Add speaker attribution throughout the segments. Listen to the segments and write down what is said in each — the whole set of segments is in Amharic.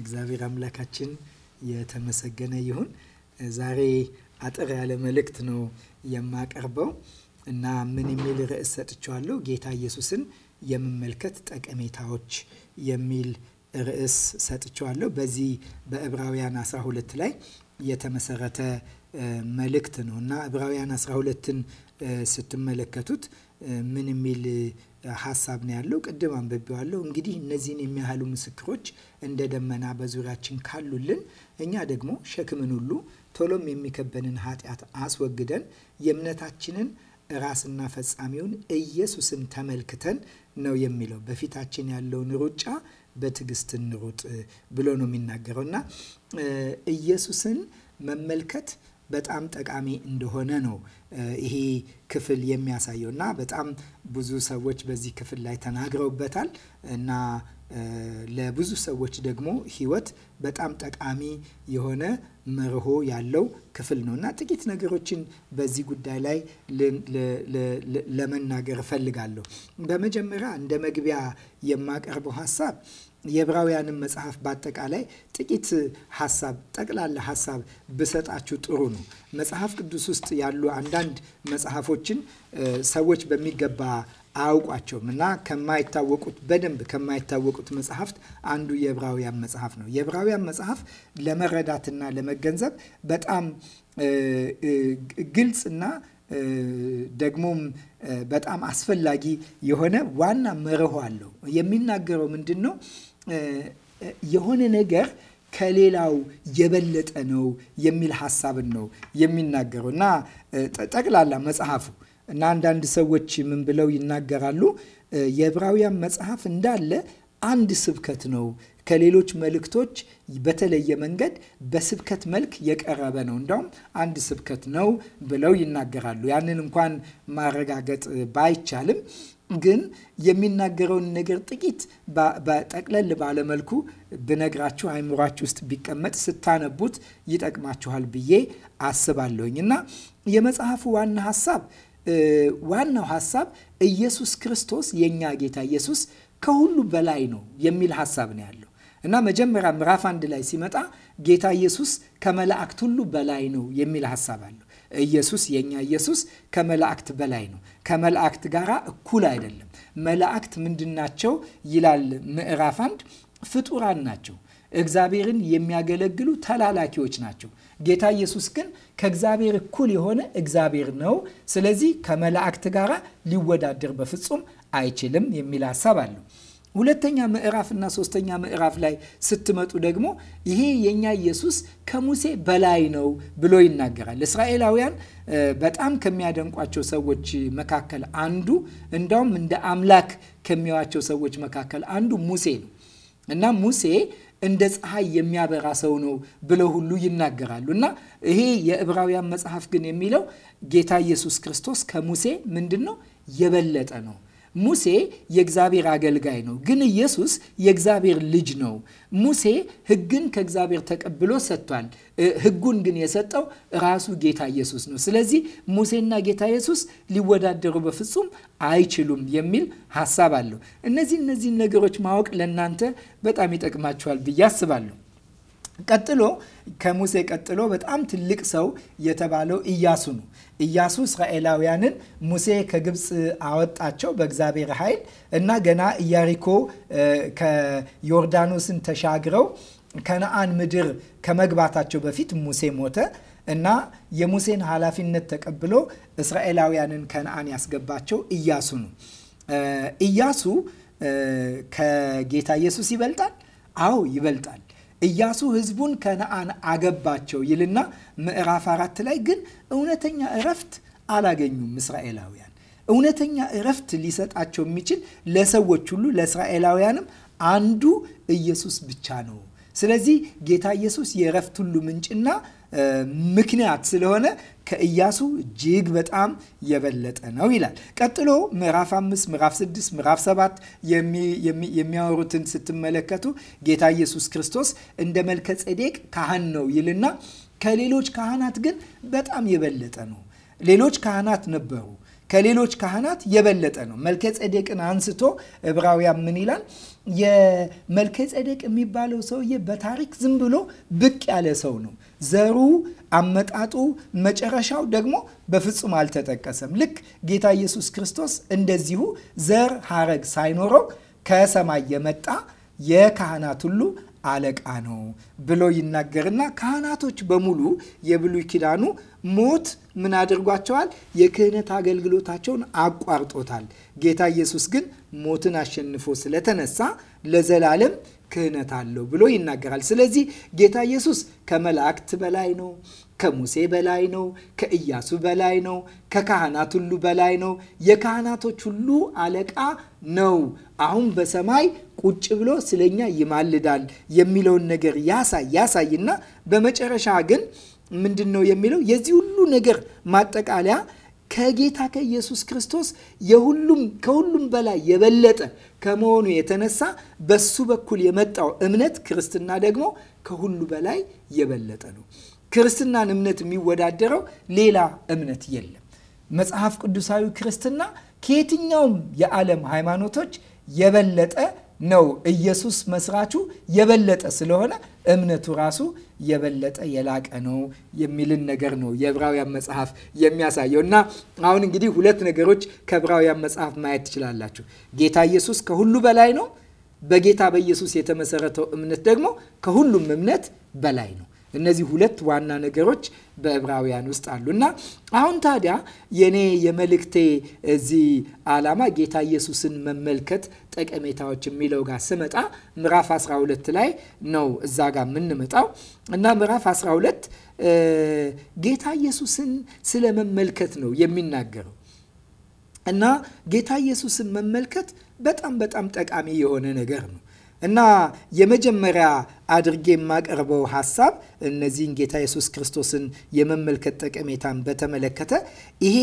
Speaker 1: እግዚአብሔር አምላካችን የተመሰገነ ይሁን። ዛሬ አጠር ያለ መልእክት ነው የማቀርበው እና ምን የሚል ርዕስ ሰጥቼዋለሁ? ጌታ ኢየሱስን የመመልከት ጠቀሜታዎች የሚል ርዕስ ሰጥቼዋለሁ። በዚህ በዕብራውያን 12 ላይ የተመሰረተ መልእክት ነው እና ዕብራውያን 12ን ስትመለከቱት ምን የሚል ሀሳብ ነው ያለው። ቅድም አንብቤዋለሁ። እንግዲህ እነዚህን የሚያህሉ ምስክሮች እንደ ደመና በዙሪያችን ካሉልን እኛ ደግሞ ሸክምን ሁሉ ቶሎም የሚከበንን ኃጢአት አስወግደን የእምነታችንን ራስና ፈጻሚውን ኢየሱስን ተመልክተን ነው የሚለው። በፊታችን ያለውን ሩጫ በትዕግስት እንሩጥ ብሎ ነው የሚናገረው እና ኢየሱስን መመልከት በጣም ጠቃሚ እንደሆነ ነው ይሄ ክፍል የሚያሳየው እና በጣም ብዙ ሰዎች በዚህ ክፍል ላይ ተናግረውበታል እና ለብዙ ሰዎች ደግሞ ህይወት በጣም ጠቃሚ የሆነ መርሆ ያለው ክፍል ነው እና ጥቂት ነገሮችን በዚህ ጉዳይ ላይ ለመናገር እፈልጋለሁ። በመጀመሪያ እንደ መግቢያ የማቀርበው ሀሳብ የዕብራውያንን መጽሐፍ በአጠቃላይ ጥቂት ሀሳብ ጠቅላላ ሀሳብ ብሰጣችሁ ጥሩ ነው። መጽሐፍ ቅዱስ ውስጥ ያሉ አንዳንድ መጽሐፎችን ሰዎች በሚገባ አያውቋቸውም እና ከማይታወቁት በደንብ ከማይታወቁት መጽሐፍት አንዱ የዕብራውያን መጽሐፍ ነው። የዕብራውያን መጽሐፍ ለመረዳትና ለመገንዘብ በጣም ግልጽና ደግሞም በጣም አስፈላጊ የሆነ ዋና መርህ አለው። የሚናገረው ምንድን ነው? የሆነ ነገር ከሌላው የበለጠ ነው የሚል ሀሳብን ነው የሚናገረው እና ጠቅላላ መጽሐፉ እና አንዳንድ ሰዎች ምን ብለው ይናገራሉ? የዕብራውያን መጽሐፍ እንዳለ አንድ ስብከት ነው። ከሌሎች መልእክቶች በተለየ መንገድ በስብከት መልክ የቀረበ ነው። እንዳውም አንድ ስብከት ነው ብለው ይናገራሉ። ያንን እንኳን ማረጋገጥ ባይቻልም ግን የሚናገረውን ነገር ጥቂት በጠቅለል ባለመልኩ ብነግራችሁ አይምሯችሁ ውስጥ ቢቀመጥ ስታነቡት ይጠቅማችኋል ብዬ አስባለሁኝ እና የመጽሐፉ ዋና ሀሳብ ዋናው ሀሳብ ኢየሱስ ክርስቶስ የእኛ ጌታ ኢየሱስ ከሁሉ በላይ ነው የሚል ሀሳብ ነው ያለው እና መጀመሪያ ምዕራፍ አንድ ላይ ሲመጣ ጌታ ኢየሱስ ከመላእክት ሁሉ በላይ ነው የሚል ሀሳብ አለው። ኢየሱስ የኛ ኢየሱስ ከመላእክት በላይ ነው። ከመላእክት ጋር እኩል አይደለም። መላእክት ምንድናቸው ይላል ምዕራፍ አንድ ፍጡራን ናቸው። እግዚአብሔርን የሚያገለግሉ ተላላኪዎች ናቸው። ጌታ ኢየሱስ ግን ከእግዚአብሔር እኩል የሆነ እግዚአብሔር ነው። ስለዚህ ከመላእክት ጋር ሊወዳደር በፍጹም አይችልም የሚል ሀሳብ አለው። ሁለተኛ ምዕራፍ ሶስተኛ ምዕራፍ ላይ ስትመጡ ደግሞ ይሄ የእኛ ኢየሱስ ከሙሴ በላይ ነው ብሎ ይናገራል። እስራኤላውያን በጣም ከሚያደንቋቸው ሰዎች መካከል አንዱ እንዳውም እንደ አምላክ ከሚያዋቸው ሰዎች መካከል አንዱ ሙሴ ነው እና ሙሴ እንደ ፀሐይ የሚያበራ ሰው ነው ብለው ሁሉ ይናገራሉ። እና ይሄ የዕብራውያን መጽሐፍ ግን የሚለው ጌታ ኢየሱስ ክርስቶስ ከሙሴ ምንድን ነው የበለጠ ነው ሙሴ የእግዚአብሔር አገልጋይ ነው፣ ግን ኢየሱስ የእግዚአብሔር ልጅ ነው። ሙሴ ሕግን ከእግዚአብሔር ተቀብሎ ሰጥቷል። ሕጉን ግን የሰጠው ራሱ ጌታ ኢየሱስ ነው። ስለዚህ ሙሴና ጌታ ኢየሱስ ሊወዳደሩ በፍጹም አይችሉም የሚል ሀሳብ አለው። እነዚህ እነዚህን ነገሮች ማወቅ ለእናንተ በጣም ይጠቅማቸዋል ብዬ አስባለሁ። ቀጥሎ ከሙሴ ቀጥሎ በጣም ትልቅ ሰው የተባለው ኢያሱ ነው። ኢያሱ እስራኤላውያንን ሙሴ ከግብፅ አወጣቸው በእግዚአብሔር ኃይል እና ገና ኢያሪኮ ከዮርዳኖስን ተሻግረው ከነአን ምድር ከመግባታቸው በፊት ሙሴ ሞተ እና የሙሴን ኃላፊነት ተቀብሎ እስራኤላውያንን ከነአን ያስገባቸው ኢያሱ ነው። ኢያሱ ከጌታ ኢየሱስ ይበልጣል። አዎ ይበልጣል። ኢያሱ ህዝቡን ከነአን አገባቸው ይልና ምዕራፍ አራት ላይ ግን እውነተኛ እረፍት አላገኙም እስራኤላውያን። እውነተኛ እረፍት ሊሰጣቸው የሚችል ለሰዎች ሁሉ ለእስራኤላውያንም አንዱ ኢየሱስ ብቻ ነው ስለዚህ ጌታ ኢየሱስ የእረፍት ሁሉ ምንጭና ምክንያት ስለሆነ ከኢያሱ እጅግ በጣም የበለጠ ነው ይላል። ቀጥሎ ምዕራፍ አምስት ምዕራፍ ስድስት ምዕራፍ ሰባት የሚያወሩትን ስትመለከቱ ጌታ ኢየሱስ ክርስቶስ እንደ መልከ ጼዴቅ ካህን ነው ይልና ከሌሎች ካህናት ግን በጣም የበለጠ ነው። ሌሎች ካህናት ነበሩ ከሌሎች ካህናት የበለጠ ነው። መልከ ጼዴቅን አንስቶ ዕብራውያን ምን ይላል? የመልከ ጼዴቅ የሚባለው ሰውዬ በታሪክ ዝም ብሎ ብቅ ያለ ሰው ነው። ዘሩ፣ አመጣጡ፣ መጨረሻው ደግሞ በፍጹም አልተጠቀሰም። ልክ ጌታ ኢየሱስ ክርስቶስ እንደዚሁ ዘር ሀረግ ሳይኖረው ከሰማይ የመጣ የካህናት ሁሉ አለቃ ነው ብሎ ይናገርና ካህናቶች በሙሉ የብሉይ ኪዳኑ ሞት ምን አድርጓቸዋል? የክህነት አገልግሎታቸውን አቋርጦታል። ጌታ ኢየሱስ ግን ሞትን አሸንፎ ስለተነሳ ለዘላለም ክህነት አለው ብሎ ይናገራል። ስለዚህ ጌታ ኢየሱስ ከመላእክት በላይ ነው። ከሙሴ በላይ ነው። ከኢያሱ በላይ ነው። ከካህናት ሁሉ በላይ ነው። የካህናቶች ሁሉ አለቃ ነው። አሁን በሰማይ ቁጭ ብሎ ስለኛ ይማልዳል የሚለውን ነገር ያሳይ ያሳይና በመጨረሻ ግን ምንድን ነው የሚለው የዚህ ሁሉ ነገር ማጠቃለያ ከጌታ ከኢየሱስ ክርስቶስ የሁሉም ከሁሉም በላይ የበለጠ ከመሆኑ የተነሳ በሱ በኩል የመጣው እምነት ክርስትና ደግሞ ከሁሉ በላይ የበለጠ ነው። ክርስትናን እምነት የሚወዳደረው ሌላ እምነት የለም። መጽሐፍ ቅዱሳዊ ክርስትና ከየትኛውም የዓለም ሃይማኖቶች የበለጠ ነው። ኢየሱስ መስራቹ የበለጠ ስለሆነ እምነቱ ራሱ የበለጠ የላቀ ነው የሚልን ነገር ነው የዕብራውያን መጽሐፍ የሚያሳየው። እና አሁን እንግዲህ ሁለት ነገሮች ከዕብራውያን መጽሐፍ ማየት ትችላላችሁ። ጌታ ኢየሱስ ከሁሉ በላይ ነው። በጌታ በኢየሱስ የተመሰረተው እምነት ደግሞ ከሁሉም እምነት በላይ ነው። እነዚህ ሁለት ዋና ነገሮች በዕብራውያን ውስጥ አሉ እና አሁን ታዲያ የኔ የመልእክቴ እዚህ ዓላማ ጌታ ኢየሱስን መመልከት ጠቀሜታዎች የሚለው ጋር ስመጣ ምዕራፍ 12 ላይ ነው እዛ ጋር የምንመጣው እና ምዕራፍ 12 ጌታ ኢየሱስን ስለ መመልከት ነው የሚናገረው እና ጌታ ኢየሱስን መመልከት በጣም በጣም ጠቃሚ የሆነ ነገር ነው እና የመጀመሪያ አድርጌ የማቀርበው ሀሳብ እነዚህን ጌታ ኢየሱስ ክርስቶስን የመመልከት ጠቀሜታን በተመለከተ ይሄ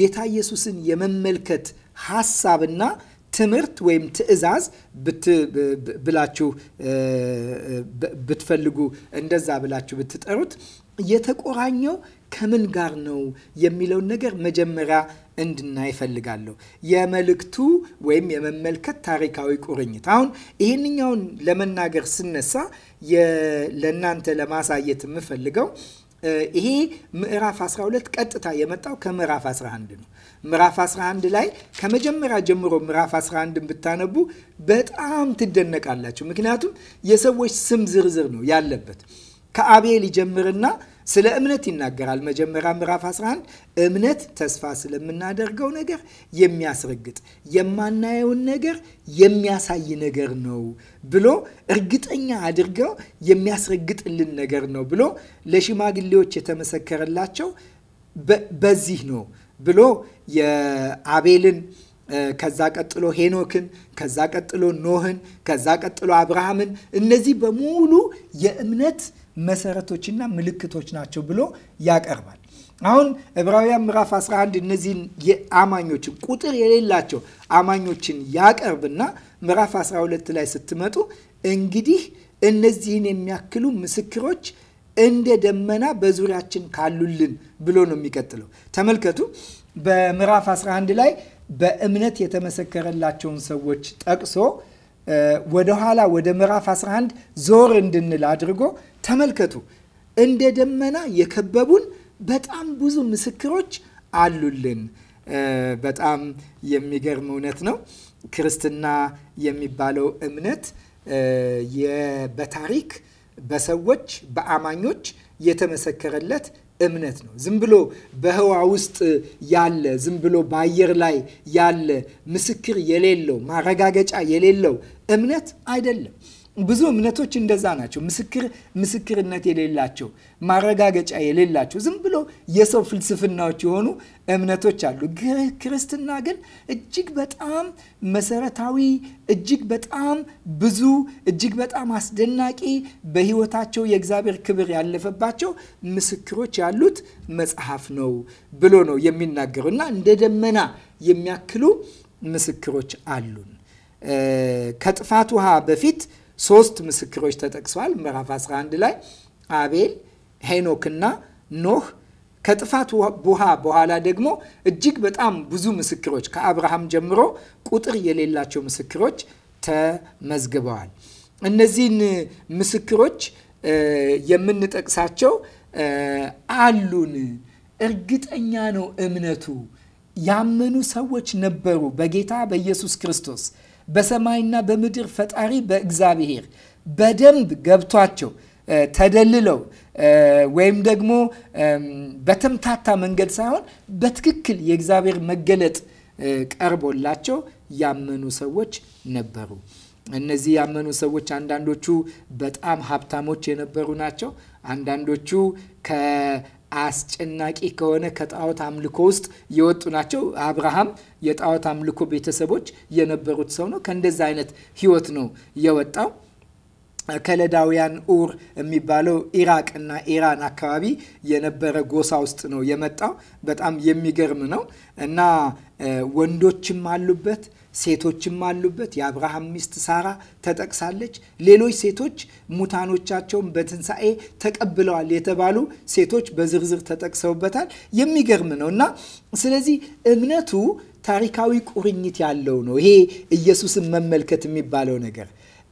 Speaker 1: ጌታ ኢየሱስን የመመልከት ሀሳብና ትምህርት ወይም ትዕዛዝ ብላችሁ ብትፈልጉ እንደዛ ብላችሁ ብትጠሩት የተቆራኘው ከምን ጋር ነው የሚለውን ነገር መጀመሪያ እንድናይ ፈልጋለሁ የመልእክቱ ወይም የመመልከት ታሪካዊ ቁርኝት። አሁን ይህንኛውን ለመናገር ስነሳ ለእናንተ ለማሳየት የምፈልገው ይሄ ምዕራፍ 12 ቀጥታ የመጣው ከምዕራፍ 11 ነው። ምዕራፍ 11 ላይ ከመጀመሪያ ጀምሮ ምዕራፍ 11ን ብታነቡ በጣም ትደነቃላችሁ። ምክንያቱም የሰዎች ስም ዝርዝር ነው ያለበት ከአቤል ይጀምርና ስለ እምነት ይናገራል። መጀመሪያ ምዕራፍ 11 እምነት ተስፋ ስለምናደርገው ነገር የሚያስረግጥ የማናየውን ነገር የሚያሳይ ነገር ነው ብሎ እርግጠኛ አድርገው የሚያስረግጥልን ነገር ነው ብሎ ለሽማግሌዎች የተመሰከረላቸው በዚህ ነው ብሎ የአቤልን ከዛ ቀጥሎ ሄኖክን ከዛ ቀጥሎ ኖህን ከዛ ቀጥሎ አብርሃምን እነዚህ በሙሉ የእምነት መሰረቶችና ምልክቶች ናቸው ብሎ ያቀርባል። አሁን ዕብራውያን ምዕራፍ 11 እነዚህን የአማኞችን ቁጥር የሌላቸው አማኞችን ያቀርብና ምዕራፍ 12 ላይ ስትመጡ እንግዲህ እነዚህን የሚያክሉ ምስክሮች እንደ ደመና በዙሪያችን ካሉልን ብሎ ነው የሚቀጥለው። ተመልከቱ። በምዕራፍ 11 ላይ በእምነት የተመሰከረላቸውን ሰዎች ጠቅሶ ወደኋላ ወደ ምዕራፍ 11 ዞር እንድንል አድርጎ ተመልከቱ፣ እንደ ደመና የከበቡን በጣም ብዙ ምስክሮች አሉልን። በጣም የሚገርም እውነት ነው። ክርስትና የሚባለው እምነት በታሪክ በሰዎች በአማኞች የተመሰከረለት እምነት ነው። ዝም ብሎ በህዋ ውስጥ ያለ ዝም ብሎ በአየር ላይ ያለ ምስክር የሌለው ማረጋገጫ የሌለው እምነት አይደለም። ብዙ እምነቶች እንደዛ ናቸው። ምስክር ምስክርነት የሌላቸው ማረጋገጫ የሌላቸው ዝም ብሎ የሰው ፍልስፍናዎች የሆኑ እምነቶች አሉ። ክርስትና ግን እጅግ በጣም መሰረታዊ፣ እጅግ በጣም ብዙ፣ እጅግ በጣም አስደናቂ በህይወታቸው የእግዚአብሔር ክብር ያለፈባቸው ምስክሮች ያሉት መጽሐፍ ነው ብሎ ነው የሚናገረው እና እንደ ደመና የሚያክሉ ምስክሮች አሉን ከጥፋት ውሃ በፊት ሶስት ምስክሮች ተጠቅሰዋል። ምዕራፍ 11 ላይ አቤል፣ ሄኖክና ኖህ ከጥፋት ውሃ በኋላ ደግሞ እጅግ በጣም ብዙ ምስክሮች ከአብርሃም ጀምሮ ቁጥር የሌላቸው ምስክሮች ተመዝግበዋል። እነዚህን ምስክሮች የምንጠቅሳቸው አሉን፣ እርግጠኛ ነው እምነቱ ያመኑ ሰዎች ነበሩ በጌታ በኢየሱስ ክርስቶስ በሰማይና በምድር ፈጣሪ በእግዚአብሔር በደንብ ገብቷቸው ተደልለው ወይም ደግሞ በተምታታ መንገድ ሳይሆን በትክክል የእግዚአብሔር መገለጥ ቀርቦላቸው ያመኑ ሰዎች ነበሩ። እነዚህ ያመኑ ሰዎች አንዳንዶቹ በጣም ሀብታሞች የነበሩ ናቸው። አንዳንዶቹ አስጨናቂ ከሆነ ከጣዖት አምልኮ ውስጥ የወጡ ናቸው። አብርሃም የጣዖት አምልኮ ቤተሰቦች የነበሩት ሰው ነው። ከእንደዚ አይነት ህይወት ነው የወጣው። ከለዳውያን ኡር የሚባለው ኢራቅ እና ኢራን አካባቢ የነበረ ጎሳ ውስጥ ነው የመጣው። በጣም የሚገርም ነው እና ወንዶችም አሉበት ሴቶችም አሉበት። የአብርሃም ሚስት ሳራ ተጠቅሳለች። ሌሎች ሴቶች ሙታኖቻቸውን በትንሣኤ ተቀብለዋል የተባሉ ሴቶች በዝርዝር ተጠቅሰውበታል። የሚገርም ነው እና ስለዚህ እምነቱ ታሪካዊ ቁርኝት ያለው ነው። ይሄ ኢየሱስን መመልከት የሚባለው ነገር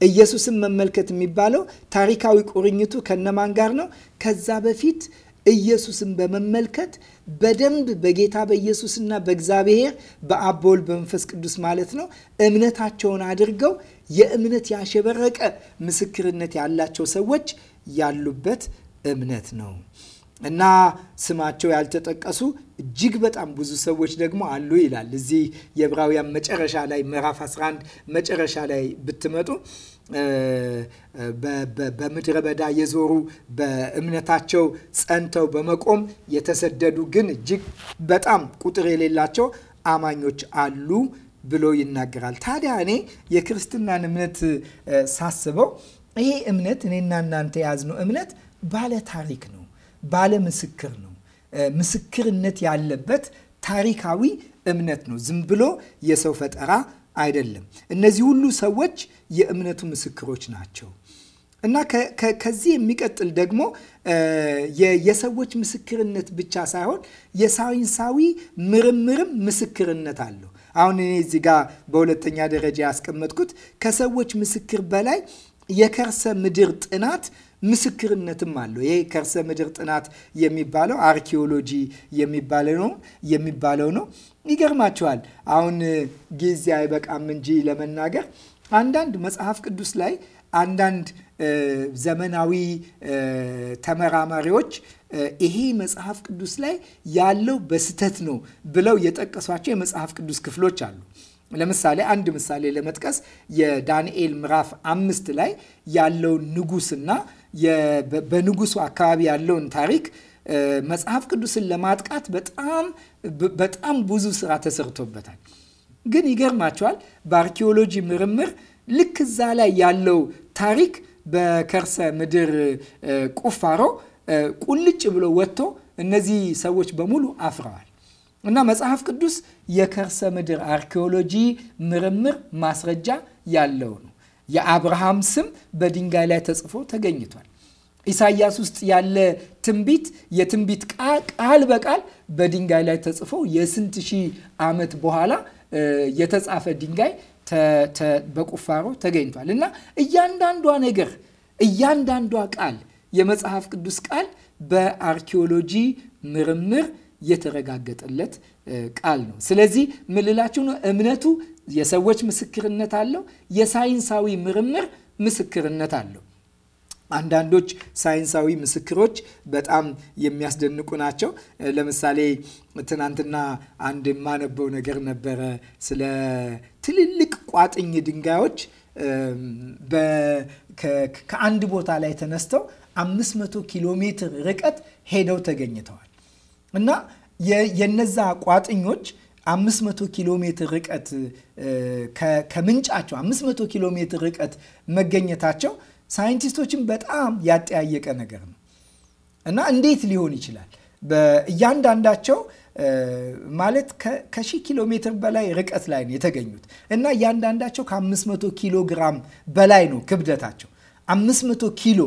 Speaker 1: ኢየሱስን መመልከት የሚባለው ታሪካዊ ቁርኝቱ ከነማን ጋር ነው? ከዛ በፊት ኢየሱስን በመመልከት በደንብ በጌታ በኢየሱስና በእግዚአብሔር በአብ በመንፈስ ቅዱስ ማለት ነው እምነታቸውን አድርገው የእምነት ያሸበረቀ ምስክርነት ያላቸው ሰዎች ያሉበት እምነት ነው እና ስማቸው ያልተጠቀሱ እጅግ በጣም ብዙ ሰዎች ደግሞ አሉ ይላል። እዚህ የዕብራውያን መጨረሻ ላይ ምዕራፍ 11 መጨረሻ ላይ ብትመጡ በምድረ በዳ የዞሩ በእምነታቸው ጸንተው በመቆም የተሰደዱ ግን እጅግ በጣም ቁጥር የሌላቸው አማኞች አሉ ብሎ ይናገራል። ታዲያ እኔ የክርስትናን እምነት ሳስበው ይሄ እምነት እኔና እናንተ የያዝነው እምነት ባለ ታሪክ ነው፣ ባለ ምስክር ነው። ምስክርነት ያለበት ታሪካዊ እምነት ነው። ዝም ብሎ የሰው ፈጠራ አይደለም። እነዚህ ሁሉ ሰዎች የእምነቱ ምስክሮች ናቸው። እና ከዚህ የሚቀጥል ደግሞ የሰዎች ምስክርነት ብቻ ሳይሆን የሳይንሳዊ ምርምርም ምስክርነት አለው። አሁን እኔ እዚህ ጋር በሁለተኛ ደረጃ ያስቀመጥኩት ከሰዎች ምስክር በላይ የከርሰ ምድር ጥናት ምስክርነትም አለው። ይሄ ከርሰ ምድር ጥናት የሚባለው አርኪኦሎጂ የሚባለው ነው። ይገርማቸዋል አሁን ጊዜ አይበቃም እንጂ ለመናገር አንዳንድ መጽሐፍ ቅዱስ ላይ አንዳንድ ዘመናዊ ተመራማሪዎች ይሄ መጽሐፍ ቅዱስ ላይ ያለው በስተት ነው ብለው የጠቀሷቸው የመጽሐፍ ቅዱስ ክፍሎች አሉ። ለምሳሌ አንድ ምሳሌ ለመጥቀስ የዳንኤል ምዕራፍ አምስት ላይ ያለውን ንጉስና በንጉሱ አካባቢ ያለውን ታሪክ መጽሐፍ ቅዱስን ለማጥቃት በጣም በጣም ብዙ ስራ ተሰርቶበታል። ግን ይገርማቸዋል በአርኪኦሎጂ ምርምር ልክ እዛ ላይ ያለው ታሪክ በከርሰ ምድር ቁፋሮ ቁልጭ ብሎ ወጥቶ እነዚህ ሰዎች በሙሉ አፍረዋል። እና መጽሐፍ ቅዱስ የከርሰ ምድር አርኪኦሎጂ ምርምር ማስረጃ ያለው ነው። የአብርሃም ስም በድንጋይ ላይ ተጽፎ ተገኝቷል። ኢሳይያስ ውስጥ ያለ ትንቢት የትንቢት ቃል በቃል በድንጋይ ላይ ተጽፎ የስንት ሺህ ዓመት በኋላ የተጻፈ ድንጋይ በቁፋሮ ተገኝቷል እና እያንዳንዷ ነገር እያንዳንዷ ቃል የመጽሐፍ ቅዱስ ቃል በአርኪኦሎጂ ምርምር የተረጋገጠለት ቃል ነው። ስለዚህ ምልላችሁ ነው እምነቱ የሰዎች ምስክርነት አለው፣ የሳይንሳዊ ምርምር ምስክርነት አለው። አንዳንዶች ሳይንሳዊ ምስክሮች በጣም የሚያስደንቁ ናቸው። ለምሳሌ ትናንትና አንድ የማነበው ነገር ነበረ ስለ ትልልቅ ቋጥኝ ድንጋዮች ከአንድ ቦታ ላይ ተነስተው 500 ኪሎ ሜትር ርቀት ሄደው ተገኝተዋል እና የነዛ ቋጥኞች 500 ኪሎ ሜትር ርቀት ከምንጫቸው 500 ኪሎ ሜትር ርቀት መገኘታቸው ሳይንቲስቶችን በጣም ያጠያየቀ ነገር ነው እና እንዴት ሊሆን ይችላል? እያንዳንዳቸው ማለት ከሺህ ኪሎ ሜትር በላይ ርቀት ላይ ነው የተገኙት እና እያንዳንዳቸው ከ500 ኪሎ ግራም በላይ ነው ክብደታቸው። 500 ኪሎ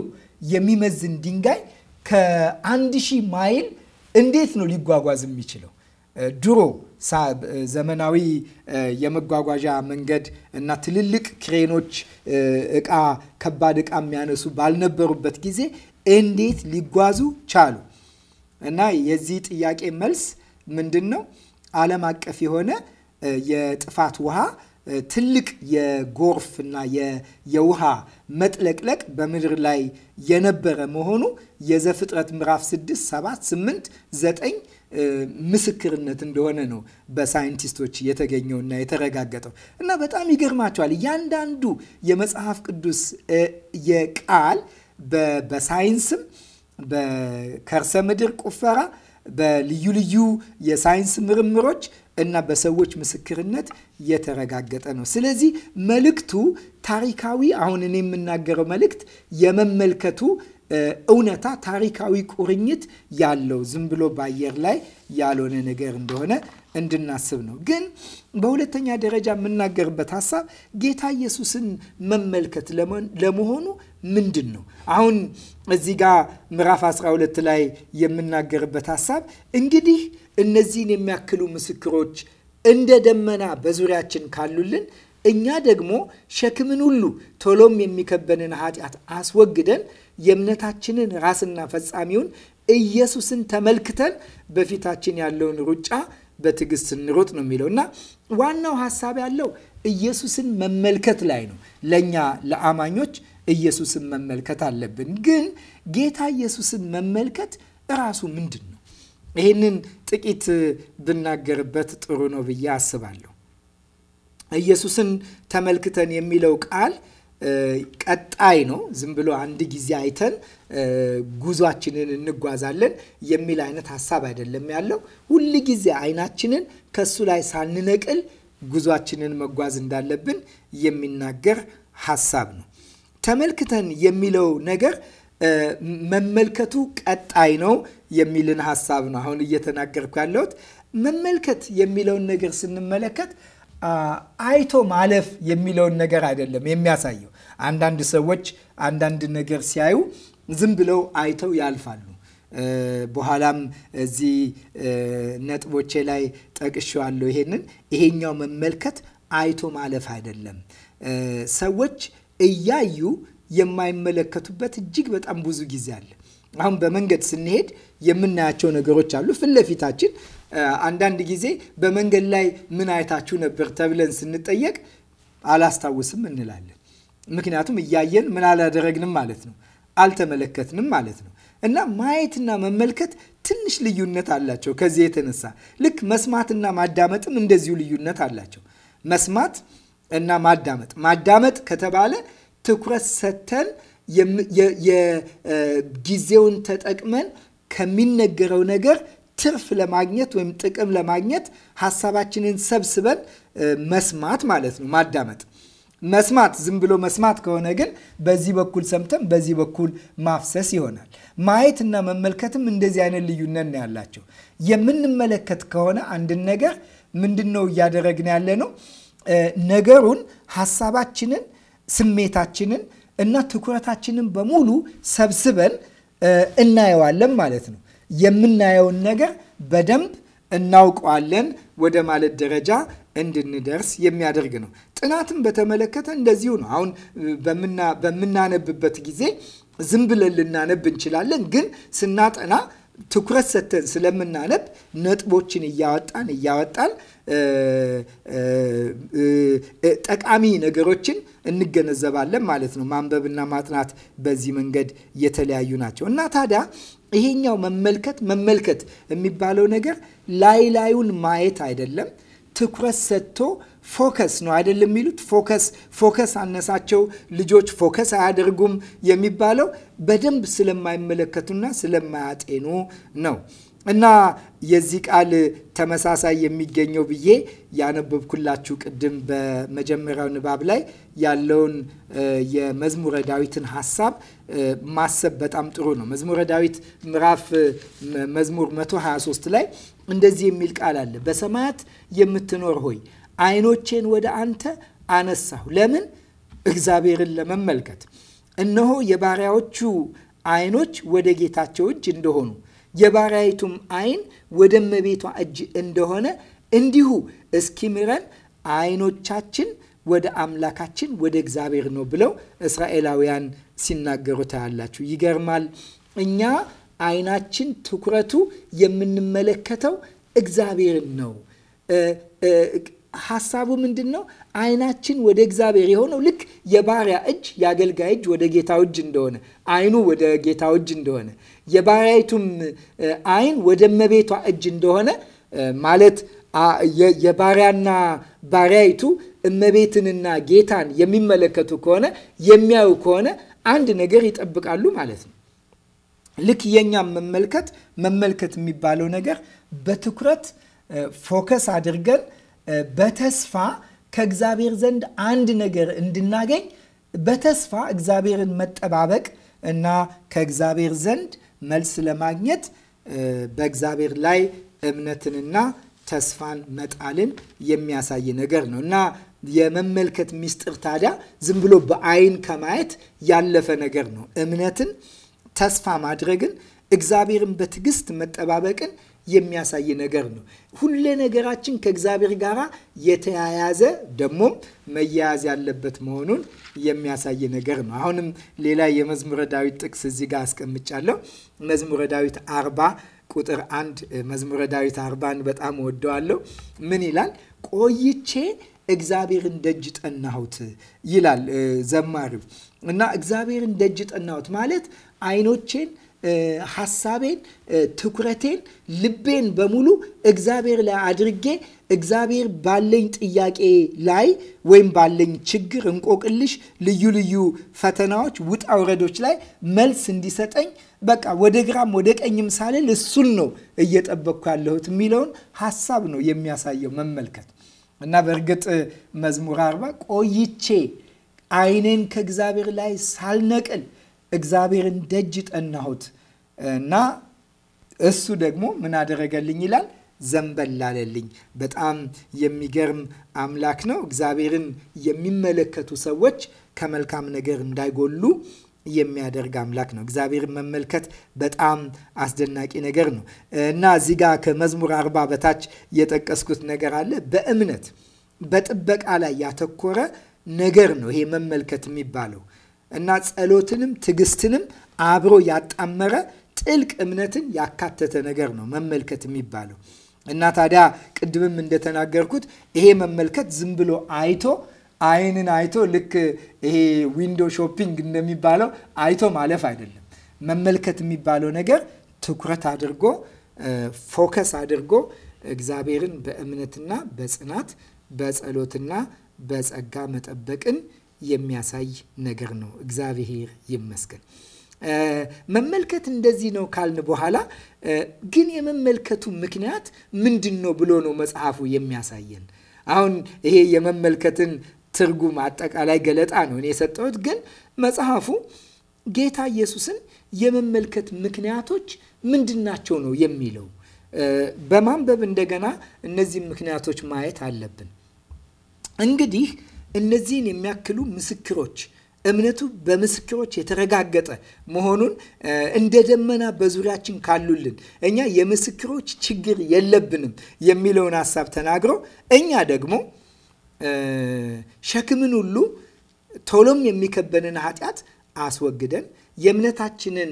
Speaker 1: የሚመዝን ድንጋይ ከ1000 ማይል እንዴት ነው ሊጓጓዝ የሚችለው? ድሮ ዘመናዊ የመጓጓዣ መንገድ እና ትልልቅ ክሬኖች እቃ ከባድ እቃ የሚያነሱ ባልነበሩበት ጊዜ እንዴት ሊጓዙ ቻሉ? እና የዚህ ጥያቄ መልስ ምንድን ነው? ዓለም አቀፍ የሆነ የጥፋት ውሃ ትልቅ የጎርፍ እና የውሃ መጥለቅለቅ በምድር ላይ የነበረ መሆኑ የዘፍጥረት ምዕራፍ 6፣ 7፣ 8፣ 9 ምስክርነት እንደሆነ ነው በሳይንቲስቶች የተገኘውና የተረጋገጠው እና በጣም ይገርማቸዋል። እያንዳንዱ የመጽሐፍ ቅዱስ የቃል በሳይንስም በከርሰ ምድር ቁፈራ በልዩ ልዩ የሳይንስ ምርምሮች እና በሰዎች ምስክርነት የተረጋገጠ ነው። ስለዚህ መልእክቱ ታሪካዊ፣ አሁን እኔ የምናገረው መልእክት የመመልከቱ እውነታ ታሪካዊ ቁርኝት ያለው ዝም ብሎ በአየር ላይ ያልሆነ ነገር እንደሆነ እንድናስብ ነው። ግን በሁለተኛ ደረጃ የምናገርበት ሀሳብ ጌታ ኢየሱስን መመልከት ለመሆኑ ምንድን ነው? አሁን እዚህ ጋር ምዕራፍ 12 ላይ የምናገርበት ሀሳብ እንግዲህ እነዚህን የሚያክሉ ምስክሮች እንደ ደመና በዙሪያችን ካሉልን እኛ ደግሞ ሸክምን ሁሉ ቶሎም የሚከበንን ኃጢአት አስወግደን የእምነታችንን ራስና ፈጻሚውን ኢየሱስን ተመልክተን በፊታችን ያለውን ሩጫ በትዕግስት እንሮጥ ነው የሚለው እና ዋናው ሀሳብ ያለው ኢየሱስን መመልከት ላይ ነው። ለእኛ ለአማኞች ኢየሱስን መመልከት አለብን። ግን ጌታ ኢየሱስን መመልከት እራሱ ምንድን ነው? ይህንን ጥቂት ብናገርበት ጥሩ ነው ብዬ አስባለሁ። ኢየሱስን ተመልክተን የሚለው ቃል ቀጣይ ነው። ዝም ብሎ አንድ ጊዜ አይተን ጉዟችንን እንጓዛለን የሚል አይነት ሀሳብ አይደለም ያለው። ሁል ጊዜ አይናችንን ከሱ ላይ ሳንነቅል ጉዟችንን መጓዝ እንዳለብን የሚናገር ሀሳብ ነው። ተመልክተን የሚለው ነገር መመልከቱ ቀጣይ ነው የሚልን ሀሳብ ነው አሁን እየተናገርኩ ያለሁት። መመልከት የሚለውን ነገር ስንመለከት አይቶ ማለፍ የሚለውን ነገር አይደለም የሚያሳየው። አንዳንድ ሰዎች አንዳንድ ነገር ሲያዩ ዝም ብለው አይተው ያልፋሉ። በኋላም እዚህ ነጥቦቼ ላይ ጠቅሼዋለሁ። ይሄንን ይሄኛው መመልከት አይቶ ማለፍ አይደለም። ሰዎች እያዩ የማይመለከቱበት እጅግ በጣም ብዙ ጊዜ አለ። አሁን በመንገድ ስንሄድ የምናያቸው ነገሮች አሉ ፊት ለፊታችን አንዳንድ ጊዜ በመንገድ ላይ ምን አይታችሁ ነበር ተብለን ስንጠየቅ አላስታውስም እንላለን። ምክንያቱም እያየን ምን አላደረግንም ማለት ነው፣ አልተመለከትንም ማለት ነው። እና ማየትና መመልከት ትንሽ ልዩነት አላቸው። ከዚህ የተነሳ ልክ መስማትና ማዳመጥም እንደዚሁ ልዩነት አላቸው። መስማት እና ማዳመጥ ማዳመጥ ከተባለ ትኩረት ሰጥተን የጊዜውን ተጠቅመን ከሚነገረው ነገር ትርፍ ለማግኘት ወይም ጥቅም ለማግኘት ሀሳባችንን ሰብስበን መስማት ማለት ነው። ማዳመጥ መስማት ዝም ብሎ መስማት ከሆነ ግን በዚህ በኩል ሰምተን በዚህ በኩል ማፍሰስ ይሆናል። ማየትና መመልከትም እንደዚህ አይነት ልዩነት ነው ያላቸው። የምንመለከት ከሆነ አንድን ነገር ምንድን ነው እያደረግን ያለ ነው? ነገሩን፣ ሀሳባችንን፣ ስሜታችንን እና ትኩረታችንን በሙሉ ሰብስበን እናየዋለን ማለት ነው። የምናየውን ነገር በደንብ እናውቀዋለን ወደ ማለት ደረጃ እንድንደርስ የሚያደርግ ነው። ጥናትን በተመለከተ እንደዚሁ ነው። አሁን በምናነብበት ጊዜ ዝም ብለን ልናነብ እንችላለን፣ ግን ስናጠና ትኩረት ሰጥተን ስለምናነብ ነጥቦችን እያወጣን እያወጣን ጠቃሚ ነገሮችን እንገነዘባለን ማለት ነው። ማንበብና ማጥናት በዚህ መንገድ የተለያዩ ናቸው እና ታዲያ ይሄኛው መመልከት መመልከት የሚባለው ነገር ላይ ላዩን ማየት አይደለም። ትኩረት ሰጥቶ ፎከስ ነው አይደለም የሚሉት። ፎከስ ፎከስ አነሳቸው ልጆች ፎከስ አያደርጉም የሚባለው በደንብ ስለማይመለከቱና ስለማያጤኑ ነው። እና የዚህ ቃል ተመሳሳይ የሚገኘው ብዬ ያነበብኩላችሁ ቅድም በመጀመሪያው ንባብ ላይ ያለውን የመዝሙረ ዳዊትን ሀሳብ ማሰብ በጣም ጥሩ ነው። መዝሙረ ዳዊት ምዕራፍ መዝሙር 123 ላይ እንደዚህ የሚል ቃል አለ። በሰማያት የምትኖር ሆይ ዓይኖቼን ወደ አንተ አነሳሁ። ለምን? እግዚአብሔርን ለመመልከት እነሆ የባሪያዎቹ ዓይኖች ወደ ጌታቸው እጅ እንደሆኑ የባሪያይቱም አይን ወደ እመቤቷ እጅ እንደሆነ እንዲሁ እስኪምረን አይኖቻችን ወደ አምላካችን ወደ እግዚአብሔር ነው ብለው እስራኤላውያን ሲናገሩ ታያላችሁ። ይገርማል። እኛ አይናችን ትኩረቱ የምንመለከተው እግዚአብሔርን ነው። ሀሳቡ ምንድን ነው? አይናችን ወደ እግዚአብሔር የሆነው ልክ የባሪያ እጅ የአገልጋይ እጅ ወደ ጌታው እጅ እንደሆነ አይኑ ወደ ጌታው እጅ እንደሆነ የባሪያይቱም አይን ወደ እመቤቷ እጅ እንደሆነ ማለት የባሪያና ባሪያይቱ እመቤትንና ጌታን የሚመለከቱ ከሆነ የሚያዩ ከሆነ አንድ ነገር ይጠብቃሉ ማለት ነው። ልክ የእኛም መመልከት መመልከት የሚባለው ነገር በትኩረት ፎከስ አድርገን በተስፋ ከእግዚአብሔር ዘንድ አንድ ነገር እንድናገኝ በተስፋ እግዚአብሔርን መጠባበቅ እና ከእግዚአብሔር ዘንድ መልስ ለማግኘት በእግዚአብሔር ላይ እምነትንና ተስፋን መጣልን የሚያሳይ ነገር ነው እና የመመልከት ምስጢር ታዲያ ዝም ብሎ በአይን ከማየት ያለፈ ነገር ነው። እምነትን፣ ተስፋ ማድረግን፣ እግዚአብሔርን በትዕግስት መጠባበቅን የሚያሳይ ነገር ነው። ሁለ ነገራችን ከእግዚአብሔር ጋር የተያያዘ ደግሞም መያያዝ ያለበት መሆኑን የሚያሳይ ነገር ነው። አሁንም ሌላ የመዝሙረ ዳዊት ጥቅስ እዚህ ጋር አስቀምጫለሁ። መዝሙረ ዳዊት አርባ ቁጥር አንድ መዝሙረ ዳዊት አርባን በጣም ወደዋለሁ። ምን ይላል? ቆይቼ እግዚአብሔርን ደጅ ጠናሁት ይላል ዘማሪው እና እግዚአብሔርን ደጅ ጠናሁት ማለት አይኖቼን ሀሳቤን፣ ትኩረቴን፣ ልቤን በሙሉ እግዚአብሔር ላይ አድርጌ እግዚአብሔር ባለኝ ጥያቄ ላይ ወይም ባለኝ ችግር፣ እንቆቅልሽ፣ ልዩ ልዩ ፈተናዎች፣ ውጣ ውረዶች ላይ መልስ እንዲሰጠኝ በቃ ወደ ግራም ወደ ቀኝም ሳልል እሱን ነው እየጠበቅኩ ያለሁት የሚለውን ሀሳብ ነው የሚያሳየው መመልከት እና በእርግጥ መዝሙር አርባ ቆይቼ አይኔን ከእግዚአብሔር ላይ ሳልነቅል እግዚአብሔርን ደጅ ጠናሁት እና እሱ ደግሞ ምን አደረገልኝ ይላል ዘንበል አለልኝ። በጣም የሚገርም አምላክ ነው። እግዚአብሔርን የሚመለከቱ ሰዎች ከመልካም ነገር እንዳይጎሉ የሚያደርግ አምላክ ነው። እግዚአብሔርን መመልከት በጣም አስደናቂ ነገር ነው እና እዚህ ጋር ከመዝሙር አርባ በታች የጠቀስኩት ነገር አለ። በእምነት በጥበቃ ላይ ያተኮረ ነገር ነው ይሄ መመልከት የሚባለው እና ጸሎትንም ትግስትንም አብሮ ያጣመረ ጥልቅ እምነትን ያካተተ ነገር ነው መመልከት የሚባለው። እና ታዲያ ቅድምም እንደተናገርኩት ይሄ መመልከት ዝም ብሎ አይቶ አይንን አይቶ ልክ ይሄ ዊንዶ ሾፒንግ እንደሚባለው አይቶ ማለፍ አይደለም። መመልከት የሚባለው ነገር ትኩረት አድርጎ ፎከስ አድርጎ እግዚአብሔርን በእምነትና በጽናት በጸሎትና በጸጋ መጠበቅን የሚያሳይ ነገር ነው። እግዚአብሔር ይመስገን። መመልከት እንደዚህ ነው ካልን በኋላ ግን የመመልከቱ ምክንያት ምንድን ነው ብሎ ነው መጽሐፉ የሚያሳየን። አሁን ይሄ የመመልከትን ትርጉም አጠቃላይ ገለጣ ነው እኔ የሰጠሁት፣ ግን መጽሐፉ ጌታ ኢየሱስን የመመልከት ምክንያቶች ምንድን ናቸው ነው የሚለው። በማንበብ እንደገና እነዚህም ምክንያቶች ማየት አለብን እንግዲህ እነዚህን የሚያክሉ ምስክሮች እምነቱ በምስክሮች የተረጋገጠ መሆኑን እንደ ደመና በዙሪያችን ካሉልን እኛ የምስክሮች ችግር የለብንም የሚለውን ሀሳብ ተናግሮ እኛ ደግሞ ሸክምን ሁሉ ቶሎም የሚከበንን ኃጢአት አስወግደን የእምነታችንን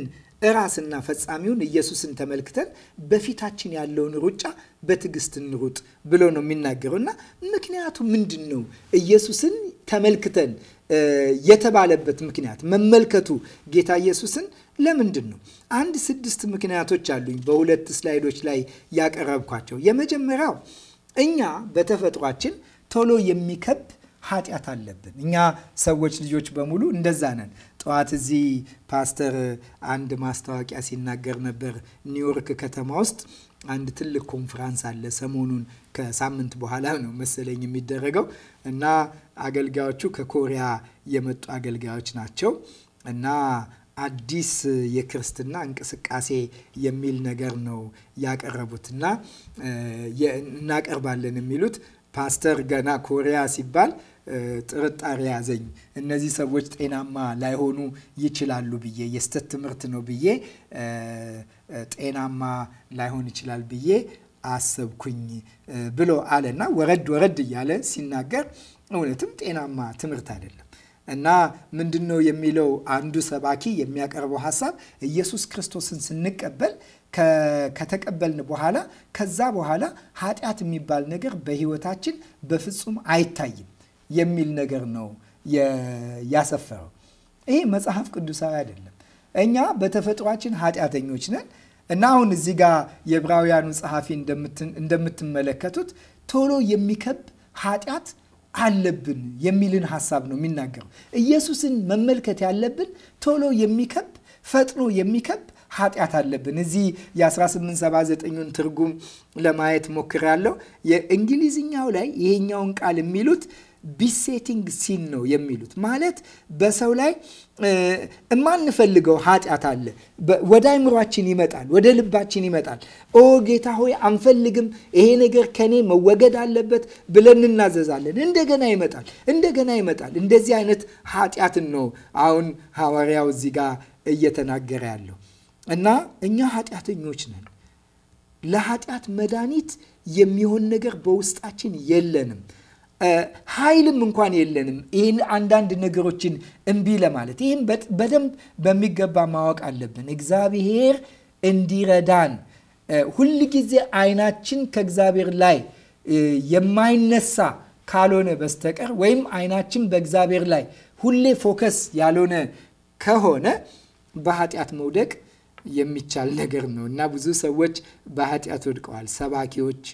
Speaker 1: ራስና ፈጻሚውን ኢየሱስን ተመልክተን በፊታችን ያለውን ሩጫ በትዕግስት እንሩጥ ብሎ ነው የሚናገረው እና ምክንያቱ ምንድን ነው? ኢየሱስን ተመልክተን የተባለበት ምክንያት መመልከቱ ጌታ ኢየሱስን ለምንድን ነው? አንድ ስድስት ምክንያቶች አሉኝ በሁለት ስላይዶች ላይ ያቀረብኳቸው። የመጀመሪያው እኛ በተፈጥሯችን ቶሎ የሚከብ ኃጢአት አለብን። እኛ ሰዎች ልጆች በሙሉ እንደዛ ነን። ጠዋት እዚህ ፓስተር አንድ ማስታወቂያ ሲናገር ነበር። ኒውዮርክ ከተማ ውስጥ አንድ ትልቅ ኮንፈራንስ አለ። ሰሞኑን ከሳምንት በኋላ ነው መሰለኝ የሚደረገው እና አገልጋዮቹ ከኮሪያ የመጡ አገልጋዮች ናቸው እና አዲስ የክርስትና እንቅስቃሴ የሚል ነገር ነው ያቀረቡት እና እናቀርባለን የሚሉት ፓስተር ገና ኮሪያ ሲባል ጥርጣሬ ያዘኝ። እነዚህ ሰዎች ጤናማ ላይሆኑ ይችላሉ ብዬ የስተት ትምህርት ነው ብዬ ጤናማ ላይሆን ይችላል ብዬ አሰብኩኝ ብሎ አለ እና ወረድ ወረድ እያለ ሲናገር እውነትም ጤናማ ትምህርት አይደለም እና ምንድን ነው የሚለው አንዱ ሰባኪ የሚያቀርበው ሀሳብ ኢየሱስ ክርስቶስን ስንቀበል ከተቀበልን በኋላ ከዛ በኋላ ኃጢአት የሚባል ነገር በህይወታችን በፍጹም አይታይም። የሚል ነገር ነው ያሰፈረው። ይሄ መጽሐፍ ቅዱሳዊ አይደለም። እኛ በተፈጥሯችን ኃጢአተኞች ነን እና አሁን እዚህ ጋር የዕብራውያኑ ጸሐፊ እንደምትመለከቱት ቶሎ የሚከብ ኃጢአት አለብን የሚልን ሀሳብ ነው የሚናገረው። ኢየሱስን መመልከት ያለብን ቶሎ የሚከብ ፈጥኖ የሚከብ ኃጢአት አለብን። እዚህ የ1879ን ትርጉም ለማየት ያለው የእንግሊዝኛው ላይ ይሄኛውን ቃል የሚሉት ቢሴቲንግ ሲን ነው የሚሉት። ማለት በሰው ላይ እማንፈልገው ኃጢአት አለ። ወደ አይምሯችን ይመጣል፣ ወደ ልባችን ይመጣል። ኦ ጌታ ሆይ አንፈልግም፣ ይሄ ነገር ከኔ መወገድ አለበት ብለን እናዘዛለን። እንደገና ይመጣል፣ እንደገና ይመጣል። እንደዚህ አይነት ኃጢአትን ነው አሁን ሐዋርያው እዚህ ጋር እየተናገረ ያለው እና እኛ ኃጢአተኞች ነን። ለኃጢአት መድኃኒት የሚሆን ነገር በውስጣችን የለንም። ኃይልም እንኳን የለንም ይህን አንዳንድ ነገሮችን እምቢ ለማለት። ይህም በደንብ በሚገባ ማወቅ አለብን። እግዚአብሔር እንዲረዳን ሁል ጊዜ አይናችን ከእግዚአብሔር ላይ የማይነሳ ካልሆነ በስተቀር ወይም አይናችን በእግዚአብሔር ላይ ሁሌ ፎከስ ያልሆነ ከሆነ በኃጢአት መውደቅ የሚቻል ነገር ነው እና ብዙ ሰዎች በኃጢአት ወድቀዋል። ሰባኪዎች፣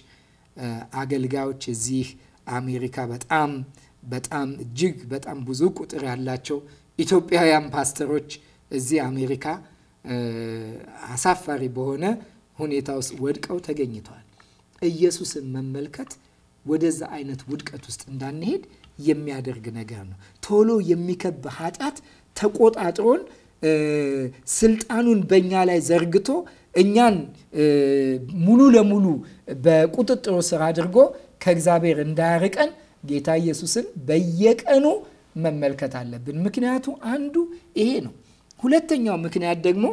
Speaker 1: አገልጋዮች እዚህ አሜሪካ በጣም በጣም እጅግ በጣም ብዙ ቁጥር ያላቸው ኢትዮጵያውያን ፓስተሮች እዚህ አሜሪካ አሳፋሪ በሆነ ሁኔታ ውስጥ ወድቀው ተገኝተዋል። ኢየሱስን መመልከት ወደዛ አይነት ውድቀት ውስጥ እንዳንሄድ የሚያደርግ ነገር ነው። ቶሎ የሚከብ ኃጢአት ተቆጣጥሮን ስልጣኑን በእኛ ላይ ዘርግቶ እኛን ሙሉ ለሙሉ በቁጥጥሩ ስር አድርጎ ከእግዚአብሔር እንዳያርቀን ጌታ ኢየሱስን በየቀኑ መመልከት አለብን። ምክንያቱ አንዱ ይሄ ነው። ሁለተኛው ምክንያት ደግሞ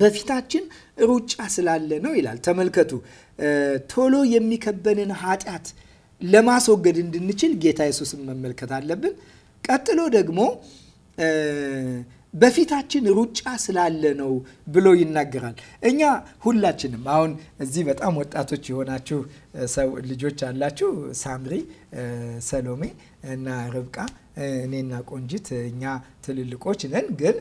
Speaker 1: በፊታችን ሩጫ ስላለ ነው ይላል። ተመልከቱ። ቶሎ የሚከበንን ኃጢአት ለማስወገድ እንድንችል ጌታ ኢየሱስን መመልከት አለብን። ቀጥሎ ደግሞ በፊታችን ሩጫ ስላለ ነው ብሎ ይናገራል። እኛ ሁላችንም አሁን እዚህ በጣም ወጣቶች የሆናችሁ ሰው ልጆች አላችሁ። ሳምሪ፣ ሰሎሜ እና ርብቃ እኔና ቆንጂት እኛ ትልልቆች ነን፣ ግን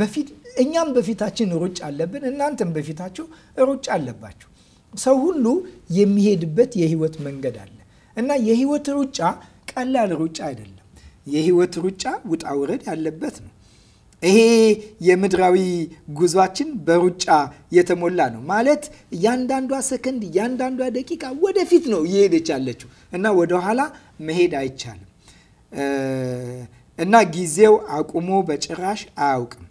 Speaker 1: በፊት እኛም በፊታችን ሩጫ አለብን። እናንተም በፊታችሁ ሩጫ አለባችሁ። ሰው ሁሉ የሚሄድበት የህይወት መንገድ አለ እና የህይወት ሩጫ ቀላል ሩጫ አይደለም። የህይወት ሩጫ ውጣ ውረድ ያለበት ነው። ይሄ የምድራዊ ጉዟችን በሩጫ የተሞላ ነው። ማለት እያንዳንዷ ሰከንድ፣ እያንዳንዷ ደቂቃ ወደፊት ነው እየሄደች ያለችው እና ወደኋላ መሄድ አይቻልም እና ጊዜው አቁሞ በጭራሽ አያውቅም።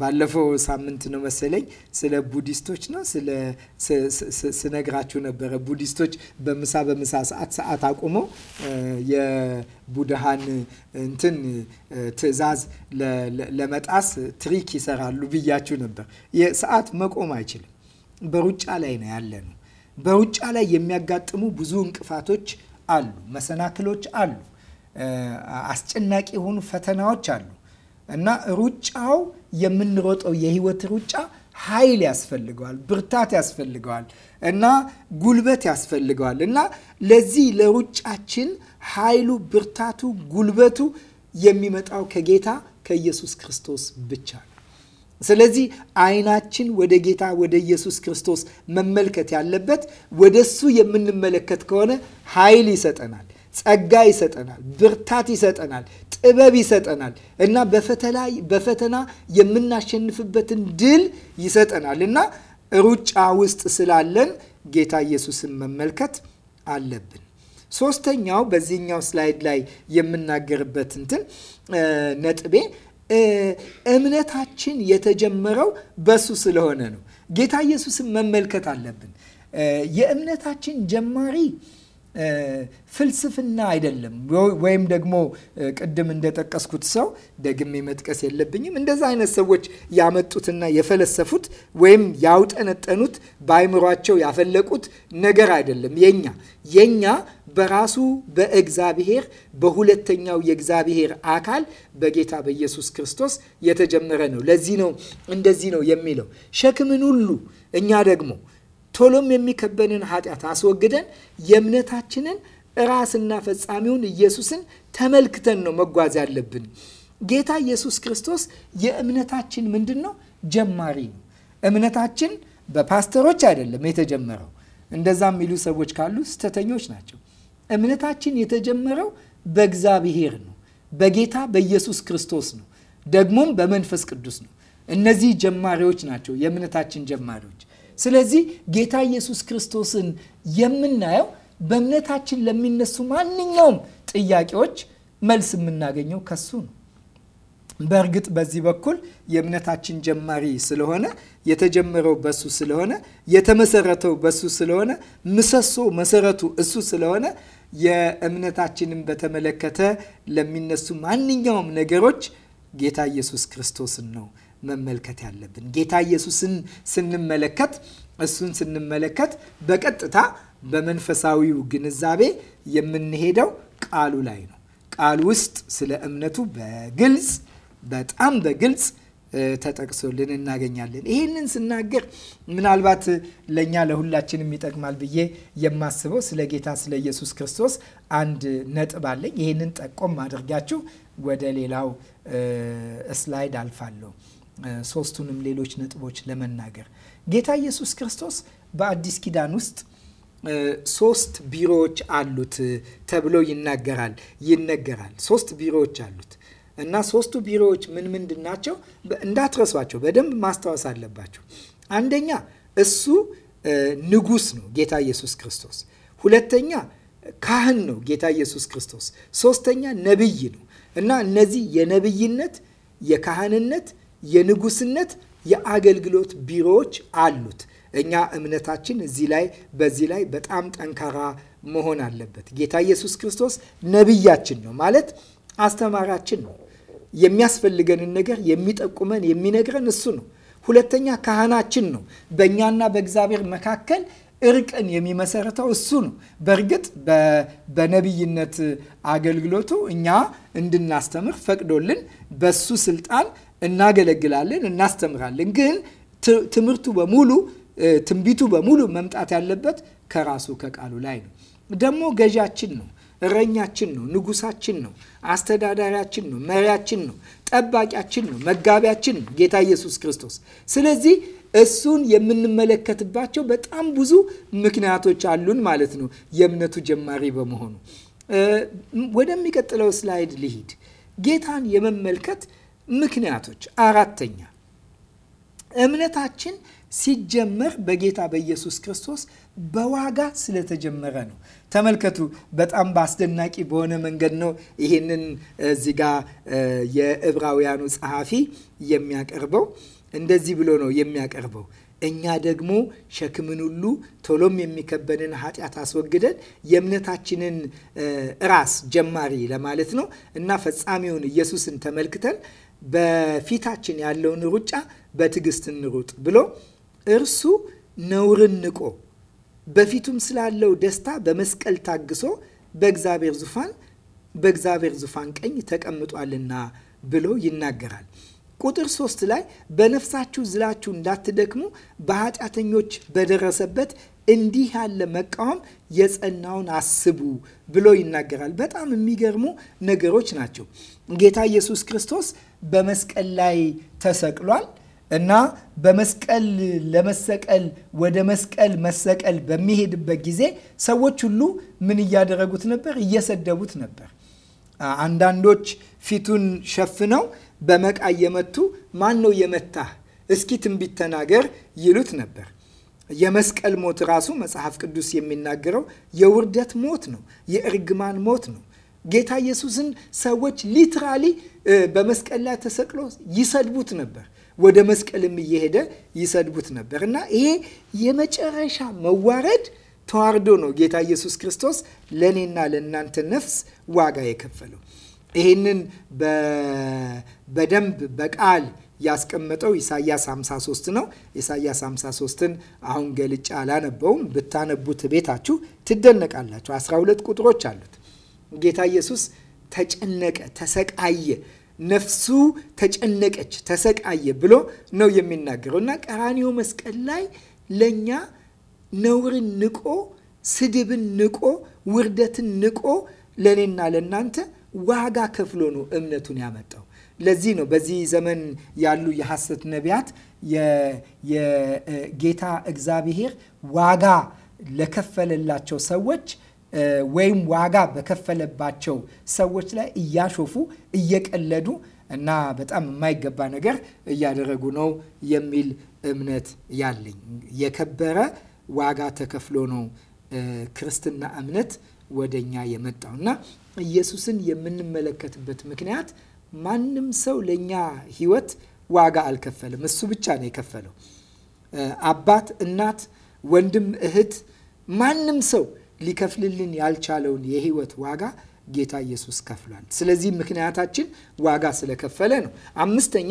Speaker 1: ባለፈው ሳምንት ነው መሰለኝ ስለ ቡዲስቶች ነው ስነግራችሁ ነበረ። ቡዲስቶች በምሳ በምሳ ሰዓት ሰዓት አቁመው የቡድሃን እንትን ትዕዛዝ ለመጣስ ትሪክ ይሰራሉ ብያችሁ ነበር። ሰዓት መቆም አይችልም። በሩጫ ላይ ነው ያለ ነው። በሩጫ ላይ የሚያጋጥሙ ብዙ እንቅፋቶች አሉ፣ መሰናክሎች አሉ፣ አስጨናቂ የሆኑ ፈተናዎች አሉ። እና ሩጫው የምንሮጠው የህይወት ሩጫ ኃይል ያስፈልገዋል፣ ብርታት ያስፈልገዋል እና ጉልበት ያስፈልገዋል እና ለዚህ ለሩጫችን ኃይሉ፣ ብርታቱ፣ ጉልበቱ የሚመጣው ከጌታ ከኢየሱስ ክርስቶስ ብቻ ነው። ስለዚህ አይናችን ወደ ጌታ ወደ ኢየሱስ ክርስቶስ መመልከት ያለበት። ወደ እሱ የምንመለከት ከሆነ ኃይል ይሰጠናል። ጸጋ ይሰጠናል፣ ብርታት ይሰጠናል፣ ጥበብ ይሰጠናል እና በፈተና የምናሸንፍበትን ድል ይሰጠናል እና ሩጫ ውስጥ ስላለን ጌታ ኢየሱስን መመልከት አለብን። ሶስተኛው በዚህኛው ስላይድ ላይ የምናገርበት እንትን ነጥቤ እምነታችን የተጀመረው በሱ ስለሆነ ነው። ጌታ ኢየሱስን መመልከት አለብን። የእምነታችን ጀማሪ ፍልስፍና አይደለም። ወይም ደግሞ ቅድም እንደጠቀስኩት ሰው ደግሜ መጥቀስ የለብኝም። እንደዛ አይነት ሰዎች ያመጡትና የፈለሰፉት ወይም ያውጠነጠኑት በአይምሯቸው ያፈለቁት ነገር አይደለም። የኛ የኛ በራሱ በእግዚአብሔር በሁለተኛው የእግዚአብሔር አካል በጌታ በኢየሱስ ክርስቶስ የተጀመረ ነው። ለዚህ ነው እንደዚህ ነው የሚለው ሸክምን ሁሉ እኛ ደግሞ ቶሎም የሚከበንን ኃጢአት አስወግደን የእምነታችንን ራስና ፈጻሚውን ኢየሱስን ተመልክተን ነው መጓዝ ያለብን። ጌታ ኢየሱስ ክርስቶስ የእምነታችን ምንድን ነው? ጀማሪ ነው። እምነታችን በፓስተሮች አይደለም የተጀመረው። እንደዛ የሚሉ ሰዎች ካሉ ስተተኞች ናቸው። እምነታችን የተጀመረው በእግዚአብሔር ነው፣ በጌታ በኢየሱስ ክርስቶስ ነው፣ ደግሞም በመንፈስ ቅዱስ ነው። እነዚህ ጀማሪዎች ናቸው፣ የእምነታችን ጀማሪዎች። ስለዚህ ጌታ ኢየሱስ ክርስቶስን የምናየው በእምነታችን ለሚነሱ ማንኛውም ጥያቄዎች መልስ የምናገኘው ከሱ ነው። በእርግጥ በዚህ በኩል የእምነታችን ጀማሪ ስለሆነ የተጀመረው በሱ ስለሆነ የተመሰረተው በሱ ስለሆነ ምሰሶ መሰረቱ እሱ ስለሆነ የእምነታችንን በተመለከተ ለሚነሱ ማንኛውም ነገሮች ጌታ ኢየሱስ ክርስቶስን ነው መመልከት ያለብን። ጌታ ኢየሱስን ስንመለከት እሱን ስንመለከት በቀጥታ በመንፈሳዊው ግንዛቤ የምንሄደው ቃሉ ላይ ነው። ቃል ውስጥ ስለ እምነቱ በግልጽ በጣም በግልጽ ተጠቅሶልን እናገኛለን። ይህንን ስናገር ምናልባት ለእኛ ለሁላችንም ይጠቅማል ብዬ የማስበው ስለ ጌታ ስለ ኢየሱስ ክርስቶስ አንድ ነጥብ አለኝ። ይህንን ጠቆም አድርጋችሁ ወደ ሌላው ስላይድ አልፋለሁ። ሶስቱንም ሌሎች ነጥቦች ለመናገር ጌታ ኢየሱስ ክርስቶስ በአዲስ ኪዳን ውስጥ ሶስት ቢሮዎች አሉት ተብሎ ይናገራል ይነገራል። ሶስት ቢሮዎች አሉት እና ሶስቱ ቢሮዎች ምን ምንድን ናቸው? እንዳትረሷቸው፣ በደንብ ማስታወስ አለባቸው። አንደኛ እሱ ንጉስ ነው ጌታ ኢየሱስ ክርስቶስ። ሁለተኛ ካህን ነው ጌታ ኢየሱስ ክርስቶስ። ሶስተኛ ነቢይ ነው እና እነዚህ የነቢይነት የካህንነት የንጉስነት የአገልግሎት ቢሮዎች አሉት። እኛ እምነታችን እዚህ ላይ በዚህ ላይ በጣም ጠንካራ መሆን አለበት። ጌታ ኢየሱስ ክርስቶስ ነቢያችን ነው ማለት አስተማሪያችን ነው። የሚያስፈልገንን ነገር የሚጠቁመን የሚነግረን እሱ ነው። ሁለተኛ ካህናችን ነው። በእኛና በእግዚአብሔር መካከል እርቅን የሚመሰረተው እሱ ነው። በእርግጥ በነቢይነት አገልግሎቱ እኛ እንድናስተምር ፈቅዶልን በሱ ስልጣን እናገለግላለን፣ እናስተምራለን። ግን ትምህርቱ በሙሉ ትንቢቱ በሙሉ መምጣት ያለበት ከራሱ ከቃሉ ላይ ነው። ደግሞ ገዣችን ነው፣ እረኛችን ነው፣ ንጉሳችን ነው፣ አስተዳዳሪያችን ነው፣ መሪያችን ነው፣ ጠባቂያችን ነው፣ መጋቢያችን ነው ጌታ ኢየሱስ ክርስቶስ። ስለዚህ እሱን የምንመለከትባቸው በጣም ብዙ ምክንያቶች አሉን ማለት ነው የእምነቱ ጀማሪ በመሆኑ። ወደሚቀጥለው ስላይድ ልሂድ። ጌታን የመመልከት ምክንያቶች አራተኛ እምነታችን ሲጀመር በጌታ በኢየሱስ ክርስቶስ በዋጋ ስለተጀመረ ነው። ተመልከቱ። በጣም በአስደናቂ በሆነ መንገድ ነው ይሄንን እዚህ ጋር የዕብራውያኑ ጸሐፊ የሚያቀርበው እንደዚህ ብሎ ነው የሚያቀርበው እኛ ደግሞ ሸክምን ሁሉ ቶሎም የሚከበንን ኃጢአት አስወግደን የእምነታችንን ራስ ጀማሪ ለማለት ነው እና ፈጻሚውን ኢየሱስን ተመልክተን በፊታችን ያለውን ሩጫ በትዕግስት እንሩጥ ብሎ እርሱ ነውርን ንቆ በፊቱም ስላለው ደስታ በመስቀል ታግሶ በእግዚአብሔር ዙፋን በእግዚአብሔር ዙፋን ቀኝ ተቀምጧልና ብሎ ይናገራል። ቁጥር ሶስት ላይ በነፍሳችሁ ዝላችሁ እንዳትደክሙ በኃጢአተኞች በደረሰበት እንዲህ ያለ መቃወም የጸናውን አስቡ ብሎ ይናገራል። በጣም የሚገርሙ ነገሮች ናቸው። ጌታ ኢየሱስ ክርስቶስ በመስቀል ላይ ተሰቅሏል እና በመስቀል ለመሰቀል ወደ መስቀል መሰቀል በሚሄድበት ጊዜ ሰዎች ሁሉ ምን እያደረጉት ነበር? እየሰደቡት ነበር። አንዳንዶች ፊቱን ሸፍነው በመቃ እየመቱ ማን ነው የመታህ? እስኪ ትንቢት ተናገር ይሉት ነበር። የመስቀል ሞት ራሱ መጽሐፍ ቅዱስ የሚናገረው የውርደት ሞት ነው፣ የእርግማን ሞት ነው። ጌታ ኢየሱስን ሰዎች ሊትራሊ በመስቀል ላይ ተሰቅሎ ይሰድቡት ነበር። ወደ መስቀልም እየሄደ ይሰድቡት ነበር እና ይሄ የመጨረሻ መዋረድ ተዋርዶ ነው ጌታ ኢየሱስ ክርስቶስ ለእኔና ለእናንተ ነፍስ ዋጋ የከፈለው። ይህንን በደንብ በቃል ያስቀመጠው ኢሳያስ 53 ነው። ኢሳያስ 53ን አሁን ገልጫ አላነበውም። ብታነቡት ቤታችሁ ትደነቃላችሁ። 12 ቁጥሮች አሉት። ጌታ ኢየሱስ ተጨነቀ፣ ተሰቃየ፣ ነፍሱ ተጨነቀች፣ ተሰቃየ ብሎ ነው የሚናገረው እና ቀራኒዮ መስቀል ላይ ለእኛ ነውርን ንቆ፣ ስድብን ንቆ፣ ውርደትን ንቆ ለእኔና ለእናንተ ዋጋ ከፍሎ ነው እምነቱን ያመጣው። ለዚህ ነው በዚህ ዘመን ያሉ የሐሰት ነቢያት የጌታ እግዚአብሔር ዋጋ ለከፈለላቸው ሰዎች ወይም ዋጋ በከፈለባቸው ሰዎች ላይ እያሾፉ እየቀለዱ እና በጣም የማይገባ ነገር እያደረጉ ነው የሚል እምነት ያለኝ። የከበረ ዋጋ ተከፍሎ ነው ክርስትና እምነት ወደኛ የመጣው እና ኢየሱስን የምንመለከትበት ምክንያት ማንም ሰው ለእኛ ሕይወት ዋጋ አልከፈለም። እሱ ብቻ ነው የከፈለው። አባት፣ እናት፣ ወንድም፣ እህት ማንም ሰው ሊከፍልልን ያልቻለውን የህይወት ዋጋ ጌታ ኢየሱስ ከፍሏል። ስለዚህ ምክንያታችን ዋጋ ስለከፈለ ነው። አምስተኛ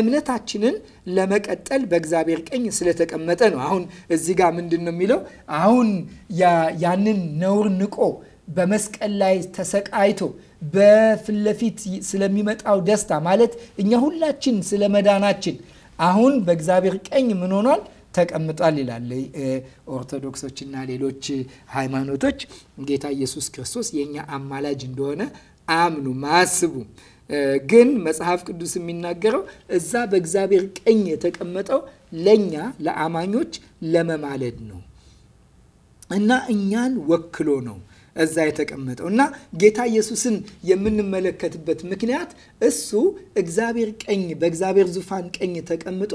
Speaker 1: እምነታችንን ለመቀጠል በእግዚአብሔር ቀኝ ስለተቀመጠ ነው። አሁን እዚህ ጋር ምንድን ነው የሚለው? አሁን ያንን ነውር ንቆ በመስቀል ላይ ተሰቃይቶ በፊት ለፊት ስለሚመጣው ደስታ ማለት እኛ ሁላችን ስለ መዳናችን አሁን በእግዚአብሔር ቀኝ ምን ሆኗል? ተቀምጧል ይላል። ኦርቶዶክሶችና ሌሎች ሃይማኖቶች ጌታ ኢየሱስ ክርስቶስ የእኛ አማላጅ እንደሆነ አያምኑም፣ አያስቡም። ግን መጽሐፍ ቅዱስ የሚናገረው እዛ በእግዚአብሔር ቀኝ የተቀመጠው ለእኛ ለአማኞች ለመማለድ ነው እና እኛን ወክሎ ነው እዛ የተቀመጠው እና ጌታ ኢየሱስን የምንመለከትበት ምክንያት እሱ እግዚአብሔር ቀኝ በእግዚአብሔር ዙፋን ቀኝ ተቀምጦ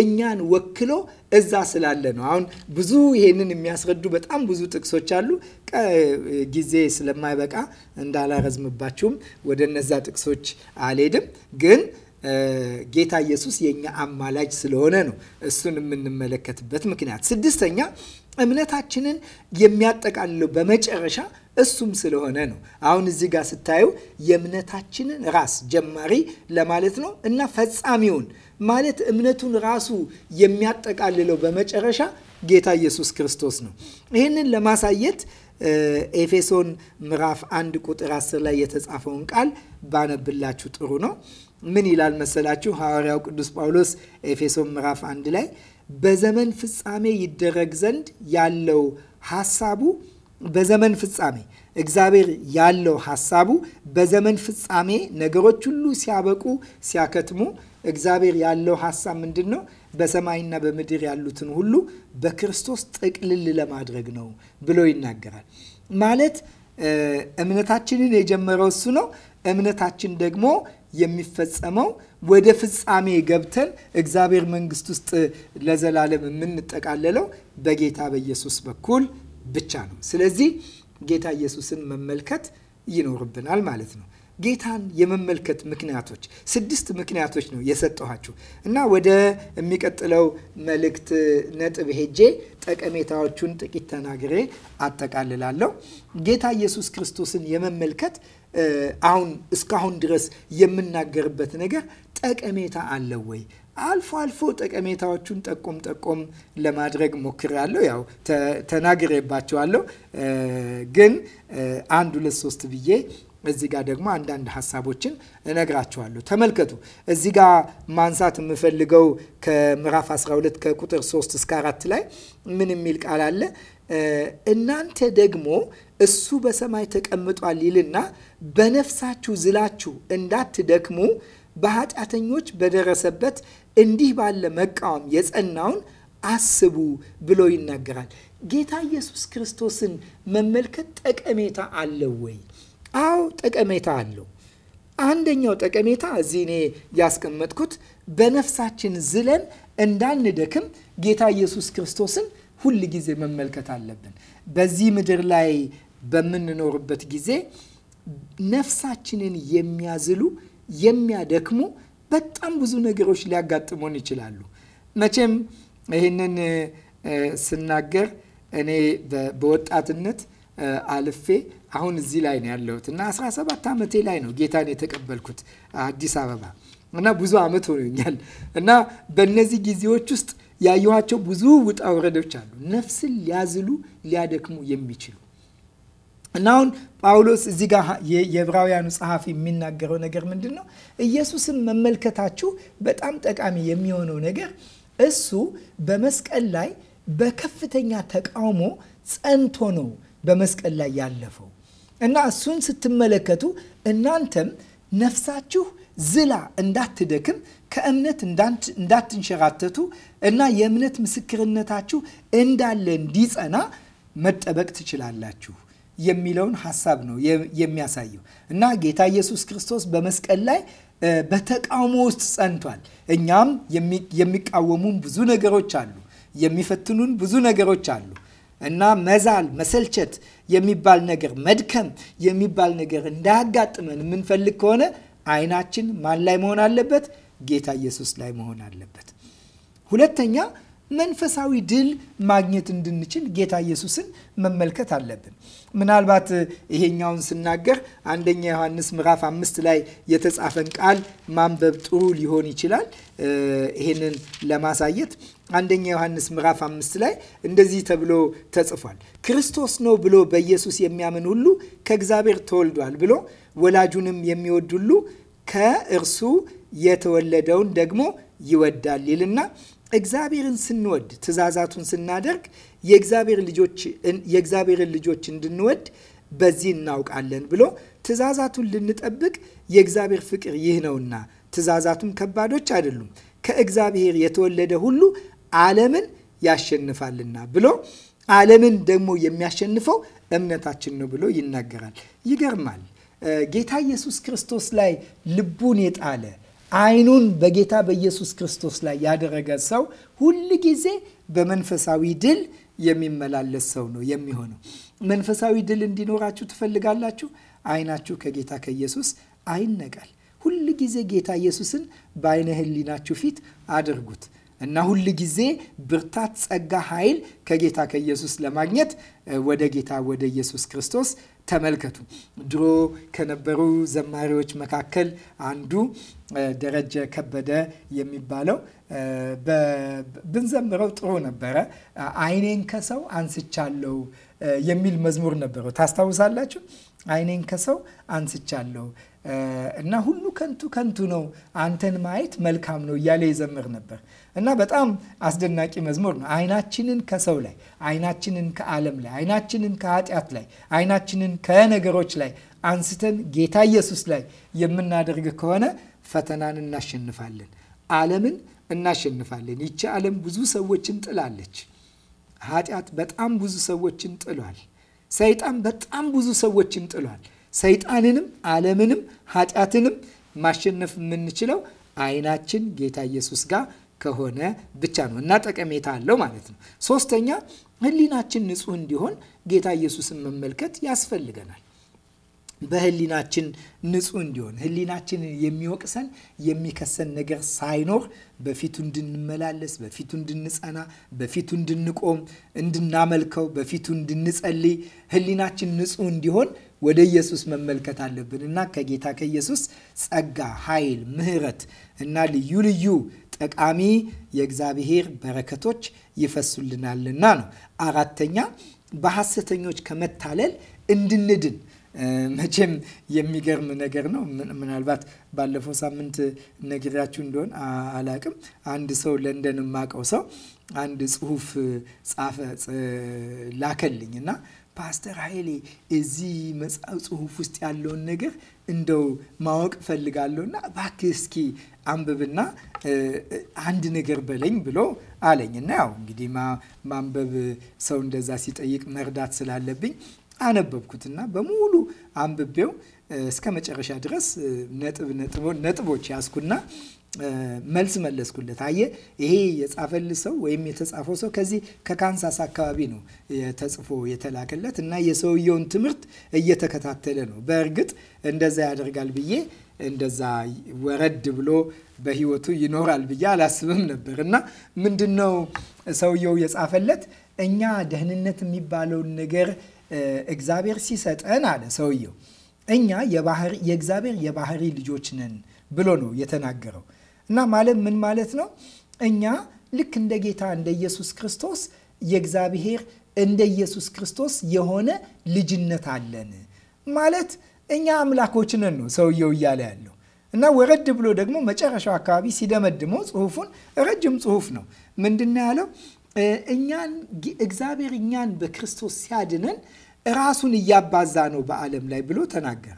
Speaker 1: እኛን ወክሎ እዛ ስላለ ነው። አሁን ብዙ ይሄንን የሚያስረዱ በጣም ብዙ ጥቅሶች አሉ። ጊዜ ስለማይበቃ እንዳላረዝምባችሁም ወደ እነዛ ጥቅሶች አልሄድም ግን ጌታ ኢየሱስ የእኛ አማላጅ ስለሆነ ነው እሱን የምንመለከትበት ምክንያት። ስድስተኛ እምነታችንን የሚያጠቃልለው በመጨረሻ እሱም ስለሆነ ነው። አሁን እዚህ ጋር ስታዩ የእምነታችንን ራስ ጀማሪ ለማለት ነው እና ፈጻሚውን ማለት እምነቱን ራሱ የሚያጠቃልለው በመጨረሻ ጌታ ኢየሱስ ክርስቶስ ነው። ይህንን ለማሳየት ኤፌሶን ምዕራፍ አንድ ቁጥር 10 ላይ የተጻፈውን ቃል ባነብላችሁ ጥሩ ነው። ምን ይላል መሰላችሁ? ሐዋርያው ቅዱስ ጳውሎስ ኤፌሶን ምዕራፍ አንድ ላይ በዘመን ፍጻሜ ይደረግ ዘንድ ያለው ሀሳቡ በዘመን ፍጻሜ እግዚአብሔር ያለው ሀሳቡ በዘመን ፍጻሜ ነገሮች ሁሉ ሲያበቁ ሲያከትሙ እግዚአብሔር ያለው ሀሳብ ምንድን ነው? በሰማይና በምድር ያሉትን ሁሉ በክርስቶስ ጥቅልል ለማድረግ ነው ብሎ ይናገራል። ማለት እምነታችንን የጀመረው እሱ ነው። እምነታችን ደግሞ የሚፈጸመው ወደ ፍጻሜ ገብተን እግዚአብሔር መንግስት ውስጥ ለዘላለም የምንጠቃለለው በጌታ በኢየሱስ በኩል ብቻ ነው። ስለዚህ ጌታ ኢየሱስን መመልከት ይኖርብናል ማለት ነው። ጌታን የመመልከት ምክንያቶች ስድስት ምክንያቶች ነው የሰጠኋችሁ እና ወደ የሚቀጥለው መልእክት ነጥብ ሄጄ ጠቀሜታዎቹን ጥቂት ተናግሬ አጠቃልላለሁ። ጌታ ኢየሱስ ክርስቶስን የመመልከት አሁን እስካሁን ድረስ የምናገርበት ነገር ጠቀሜታ አለው ወይ? አልፎ አልፎ ጠቀሜታዎቹን ጠቆም ጠቆም ለማድረግ ሞክሬያለሁ። ያው ተናግሬባቸዋለሁ፣ ግን አንድ ሁለት ሶስት ብዬ እዚህ ጋር ደግሞ አንዳንድ ሀሳቦችን እነግራችኋለሁ። ተመልከቱ። እዚህ ጋር ማንሳት የምፈልገው ከምዕራፍ 12 ከቁጥር 3 እስከ 4 ላይ ምን የሚል ቃል አለ? እናንተ ደግሞ እሱ በሰማይ ተቀምጧል ይልና በነፍሳችሁ ዝላችሁ እንዳትደክሙ በኃጢአተኞች በደረሰበት እንዲህ ባለ መቃወም የጸናውን አስቡ ብሎ ይናገራል። ጌታ ኢየሱስ ክርስቶስን መመልከት ጠቀሜታ አለው ወይ? አዎ ጠቀሜታ አለው። አንደኛው ጠቀሜታ እዚህ እኔ ያስቀመጥኩት በነፍሳችን ዝለን እንዳንደክም ጌታ ኢየሱስ ክርስቶስን ሁል ጊዜ መመልከት አለብን። በዚህ ምድር ላይ በምንኖርበት ጊዜ ነፍሳችንን የሚያዝሉ የሚያደክሙ በጣም ብዙ ነገሮች ሊያጋጥሙን ይችላሉ። መቼም ይህንን ስናገር እኔ በወጣትነት አልፌ አሁን እዚህ ላይ ነው ያለሁት እና 17 ዓመቴ ላይ ነው ጌታን የተቀበልኩት አዲስ አበባ እና ብዙ ዓመት ሆኖኛል እና በእነዚህ ጊዜዎች ውስጥ ያየኋቸው ብዙ ውጣ ውረዶች አሉ፣ ነፍስን ሊያዝሉ ሊያደክሙ የሚችሉ እና አሁን ጳውሎስ እዚህ ጋር የዕብራውያኑ ጸሐፊ የሚናገረው ነገር ምንድን ነው? ኢየሱስን መመልከታችሁ በጣም ጠቃሚ የሚሆነው ነገር እሱ በመስቀል ላይ በከፍተኛ ተቃውሞ ጸንቶ ነው በመስቀል ላይ ያለፈው እና እሱን ስትመለከቱ እናንተም ነፍሳችሁ ዝላ እንዳትደክም ከእምነት እንዳትንሸራተቱ እና የእምነት ምስክርነታችሁ እንዳለ እንዲጸና መጠበቅ ትችላላችሁ የሚለውን ሀሳብ ነው የሚያሳየው እና ጌታ ኢየሱስ ክርስቶስ በመስቀል ላይ በተቃውሞ ውስጥ ጸንቷል። እኛም የሚቃወሙን ብዙ ነገሮች አሉ፣ የሚፈትኑን ብዙ ነገሮች አሉ እና መዛል፣ መሰልቸት የሚባል ነገር መድከም የሚባል ነገር እንዳያጋጥመን የምንፈልግ ከሆነ አይናችን ማን ላይ መሆን አለበት? ጌታ ኢየሱስ ላይ መሆን አለበት። ሁለተኛ መንፈሳዊ ድል ማግኘት እንድንችል ጌታ ኢየሱስን መመልከት አለብን። ምናልባት ይሄኛውን ስናገር አንደኛ ዮሐንስ ምዕራፍ አምስት ላይ የተጻፈን ቃል ማንበብ ጥሩ ሊሆን ይችላል። ይሄንን ለማሳየት አንደኛ ዮሐንስ ምዕራፍ አምስት ላይ እንደዚህ ተብሎ ተጽፏል። ክርስቶስ ነው ብሎ በኢየሱስ የሚያምን ሁሉ ከእግዚአብሔር ተወልዷል ብሎ ወላጁንም የሚወድ ሁሉ ከእርሱ የተወለደውን ደግሞ ይወዳል ይልና እግዚአብሔርን ስንወድ ትእዛዛቱን ስናደርግ የእግዚአብሔርን ልጆች እንድንወድ በዚህ እናውቃለን ብሎ ትእዛዛቱን ልንጠብቅ የእግዚአብሔር ፍቅር ይህ ነውና ትእዛዛቱም ከባዶች አይደሉም ከእግዚአብሔር የተወለደ ሁሉ ዓለምን ያሸንፋልና ብሎ ዓለምን ደግሞ የሚያሸንፈው እምነታችን ነው ብሎ ይናገራል። ይገርማል። ጌታ ኢየሱስ ክርስቶስ ላይ ልቡን የጣለ አይኑን በጌታ በኢየሱስ ክርስቶስ ላይ ያደረገ ሰው ሁል ጊዜ በመንፈሳዊ ድል የሚመላለስ ሰው ነው የሚሆነው። መንፈሳዊ ድል እንዲኖራችሁ ትፈልጋላችሁ? አይናችሁ ከጌታ ከኢየሱስ አይነቃል። ሁል ጊዜ ጌታ ኢየሱስን በአይነ ህሊናችሁ ፊት አድርጉት እና ሁል ጊዜ ብርታት፣ ጸጋ፣ ኃይል ከጌታ ከኢየሱስ ለማግኘት ወደ ጌታ ወደ ኢየሱስ ክርስቶስ ተመልከቱ። ድሮ ከነበሩ ዘማሪዎች መካከል አንዱ ደረጀ ከበደ የሚባለው ብንዘምረው ጥሩ ነበረ። አይኔን ከሰው አንስቻለሁ የሚል መዝሙር ነበረው። ታስታውሳላችሁ? አይኔን ከሰው አንስቻለሁ እና ሁሉ ከንቱ ከንቱ ነው፣ አንተን ማየት መልካም ነው እያለ ይዘምር ነበር እና በጣም አስደናቂ መዝሙር ነው። አይናችንን ከሰው ላይ፣ አይናችንን ከዓለም ላይ፣ አይናችንን ከኃጢአት ላይ፣ አይናችንን ከነገሮች ላይ አንስተን ጌታ ኢየሱስ ላይ የምናደርግ ከሆነ ፈተናን እናሸንፋለን፣ ዓለምን እናሸንፋለን። ይቺ ዓለም ብዙ ሰዎችን ጥላለች። ኃጢአት በጣም ብዙ ሰዎችን ጥሏል። ሰይጣን በጣም ብዙ ሰዎችን ጥሏል። ሰይጣንንም ዓለምንም ኃጢአትንም ማሸነፍ የምንችለው አይናችን ጌታ ኢየሱስ ጋር ከሆነ ብቻ ነው እና ጠቀሜታ አለው ማለት ነው። ሶስተኛ ህሊናችን ንጹህ እንዲሆን ጌታ ኢየሱስን መመልከት ያስፈልገናል። በህሊናችን ንጹህ እንዲሆን ህሊናችን የሚወቅሰን የሚከሰን ነገር ሳይኖር በፊቱ እንድንመላለስ፣ በፊቱ እንድንጸና፣ በፊቱ እንድንቆም፣ እንድናመልከው፣ በፊቱ እንድንጸልይ ህሊናችን ንጹህ እንዲሆን ወደ ኢየሱስ መመልከት አለብን እና ከጌታ ከኢየሱስ ጸጋ፣ ኃይል፣ ምህረት እና ልዩ ልዩ ጠቃሚ የእግዚአብሔር በረከቶች ይፈሱልናልና ነው። አራተኛ በሐሰተኞች ከመታለል እንድንድን መቼም የሚገርም ነገር ነው። ምናልባት ባለፈው ሳምንት ነግሪያችሁ እንደሆን አላቅም። አንድ ሰው ለንደን የማውቀው ሰው አንድ ጽሁፍ ጻፈ ላከልኝ እና ፓስተር ኃይሌ እዚህ መጽሐፍ ጽሁፍ ውስጥ ያለውን ነገር እንደው ማወቅ ፈልጋለሁና እባክህ እስኪ አንብብና አንድ ነገር በለኝ ብሎ አለኝ እና ያው እንግዲህ ማንበብ ሰው እንደዛ ሲጠይቅ መርዳት ስላለብኝ አነበብኩትና በሙሉ አንብቤው እስከ መጨረሻ ድረስ ነጥብ ነጥቦች ያስኩና መልስ መለስኩለት። አየ ይሄ የጻፈልህ ሰው ወይም የተጻፈው ሰው ከዚህ ከካንሳስ አካባቢ ነው ተጽፎ የተላከለት እና የሰውየውን ትምህርት እየተከታተለ ነው። በእርግጥ እንደዛ ያደርጋል ብዬ እንደዛ ወረድ ብሎ በህይወቱ ይኖራል ብዬ አላስብም ነበር እና ምንድነው ሰውየው የጻፈለት እኛ ደህንነት የሚባለውን ነገር እግዚአብሔር ሲሰጠን አለ ሰውየው እኛ የእግዚአብሔር የባህሪ ልጆች ነን ብሎ ነው የተናገረው። እና ማለት ምን ማለት ነው? እኛ ልክ እንደ ጌታ እንደ ኢየሱስ ክርስቶስ የእግዚአብሔር እንደ ኢየሱስ ክርስቶስ የሆነ ልጅነት አለን ማለት እኛ አምላኮች ነን ነው ሰውየው እያለ ያለው። እና ወረድ ብሎ ደግሞ መጨረሻው አካባቢ ሲደመድመው ጽሁፉን ረጅም ጽሁፍ ነው ምንድን ያለው እኛን እግዚአብሔር እኛን በክርስቶስ ሲያድነን ራሱን እያባዛ ነው በዓለም ላይ ብሎ ተናገረ።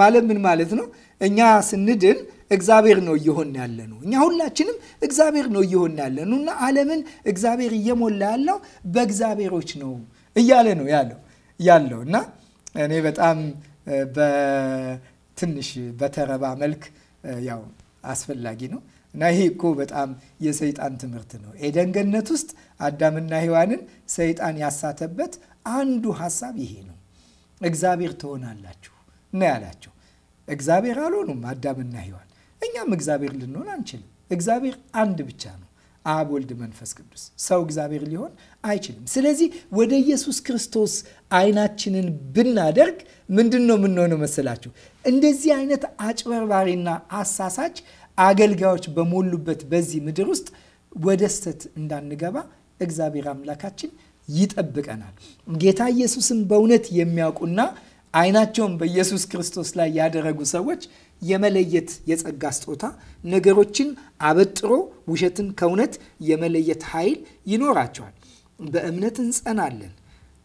Speaker 1: ማለት ምን ማለት ነው? እኛ ስንድን እግዚአብሔር ነው እየሆን ያለ ነው። እኛ ሁላችንም እግዚአብሔር ነው እየሆን ያለ ነው እና ዓለምን እግዚአብሔር እየሞላ ያለው በእግዚአብሔሮች ነው እያለ ነው ያለው ያለው እና እኔ በጣም በትንሽ በተረባ መልክ ያው አስፈላጊ ነው እና ይሄ እኮ በጣም የሰይጣን ትምህርት ነው። ኤደን ገነት ውስጥ አዳምና ሔዋንን ሰይጣን ያሳተበት አንዱ ሀሳብ ይሄ ነው። እግዚአብሔር ትሆናላችሁ ነው ያላቸው። እግዚአብሔር አልሆኑም አዳምና ሔዋን። እኛም እግዚአብሔር ልንሆን አንችልም። እግዚአብሔር አንድ ብቻ ነው፣ አብ ወልድ፣ መንፈስ ቅዱስ። ሰው እግዚአብሔር ሊሆን አይችልም። ስለዚህ ወደ ኢየሱስ ክርስቶስ አይናችንን ብናደርግ ምንድን ነው የምንሆነው መሰላችሁ? እንደዚህ አይነት አጭበርባሪና አሳሳች አገልጋዮች በሞሉበት በዚህ ምድር ውስጥ ወደ ስተት እንዳንገባ እግዚአብሔር አምላካችን ይጠብቀናል። ጌታ ኢየሱስን በእውነት የሚያውቁና አይናቸውን በኢየሱስ ክርስቶስ ላይ ያደረጉ ሰዎች የመለየት የጸጋ ስጦታ ነገሮችን አበጥሮ ውሸትን ከእውነት የመለየት ኃይል ይኖራቸዋል። በእምነት እንጸናለን።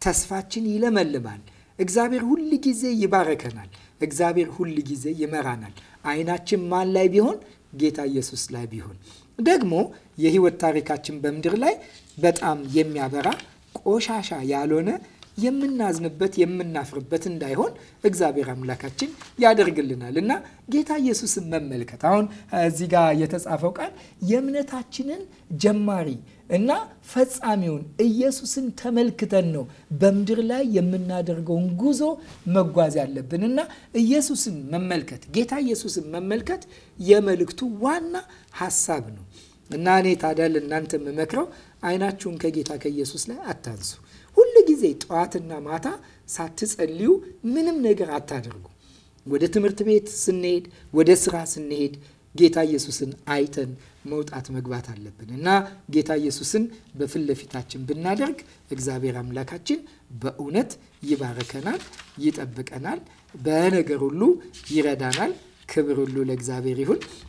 Speaker 1: ተስፋችን ይለመልማል። እግዚአብሔር ሁል ጊዜ ይባረከናል። እግዚአብሔር ሁል ጊዜ ይመራናል። አይናችን ማን ላይ ቢሆን ጌታ ኢየሱስ ላይ ቢሆን ደግሞ የህይወት ታሪካችን በምድር ላይ በጣም የሚያበራ ቆሻሻ ያልሆነ የምናዝንበት የምናፍርበት እንዳይሆን እግዚአብሔር አምላካችን ያደርግልናል እና ጌታ ኢየሱስን መመልከት አሁን እዚህ ጋር የተጻፈው ቃል የእምነታችንን ጀማሪ እና ፈጻሚውን ኢየሱስን ተመልክተን ነው በምድር ላይ የምናደርገውን ጉዞ መጓዝ ያለብን እና ኢየሱስን መመልከት ጌታ ኢየሱስን መመልከት የመልእክቱ ዋና ሀሳብ ነው እና እኔ ታዲያ ለእናንተ የምመክረው አይናችሁን ከጌታ ከኢየሱስ ላይ አታንሱ። ሁል ጊዜ ጠዋትና ማታ ሳትጸልዩ ምንም ነገር አታደርጉ። ወደ ትምህርት ቤት ስንሄድ፣ ወደ ስራ ስንሄድ ጌታ ኢየሱስን አይተን መውጣት መግባት አለብን እና ጌታ ኢየሱስን በፊት ለፊታችን ብናደርግ እግዚአብሔር አምላካችን በእውነት ይባርከናል፣ ይጠብቀናል፣ በነገር ሁሉ ይረዳናል። ክብር ሁሉ ለእግዚአብሔር ይሁን።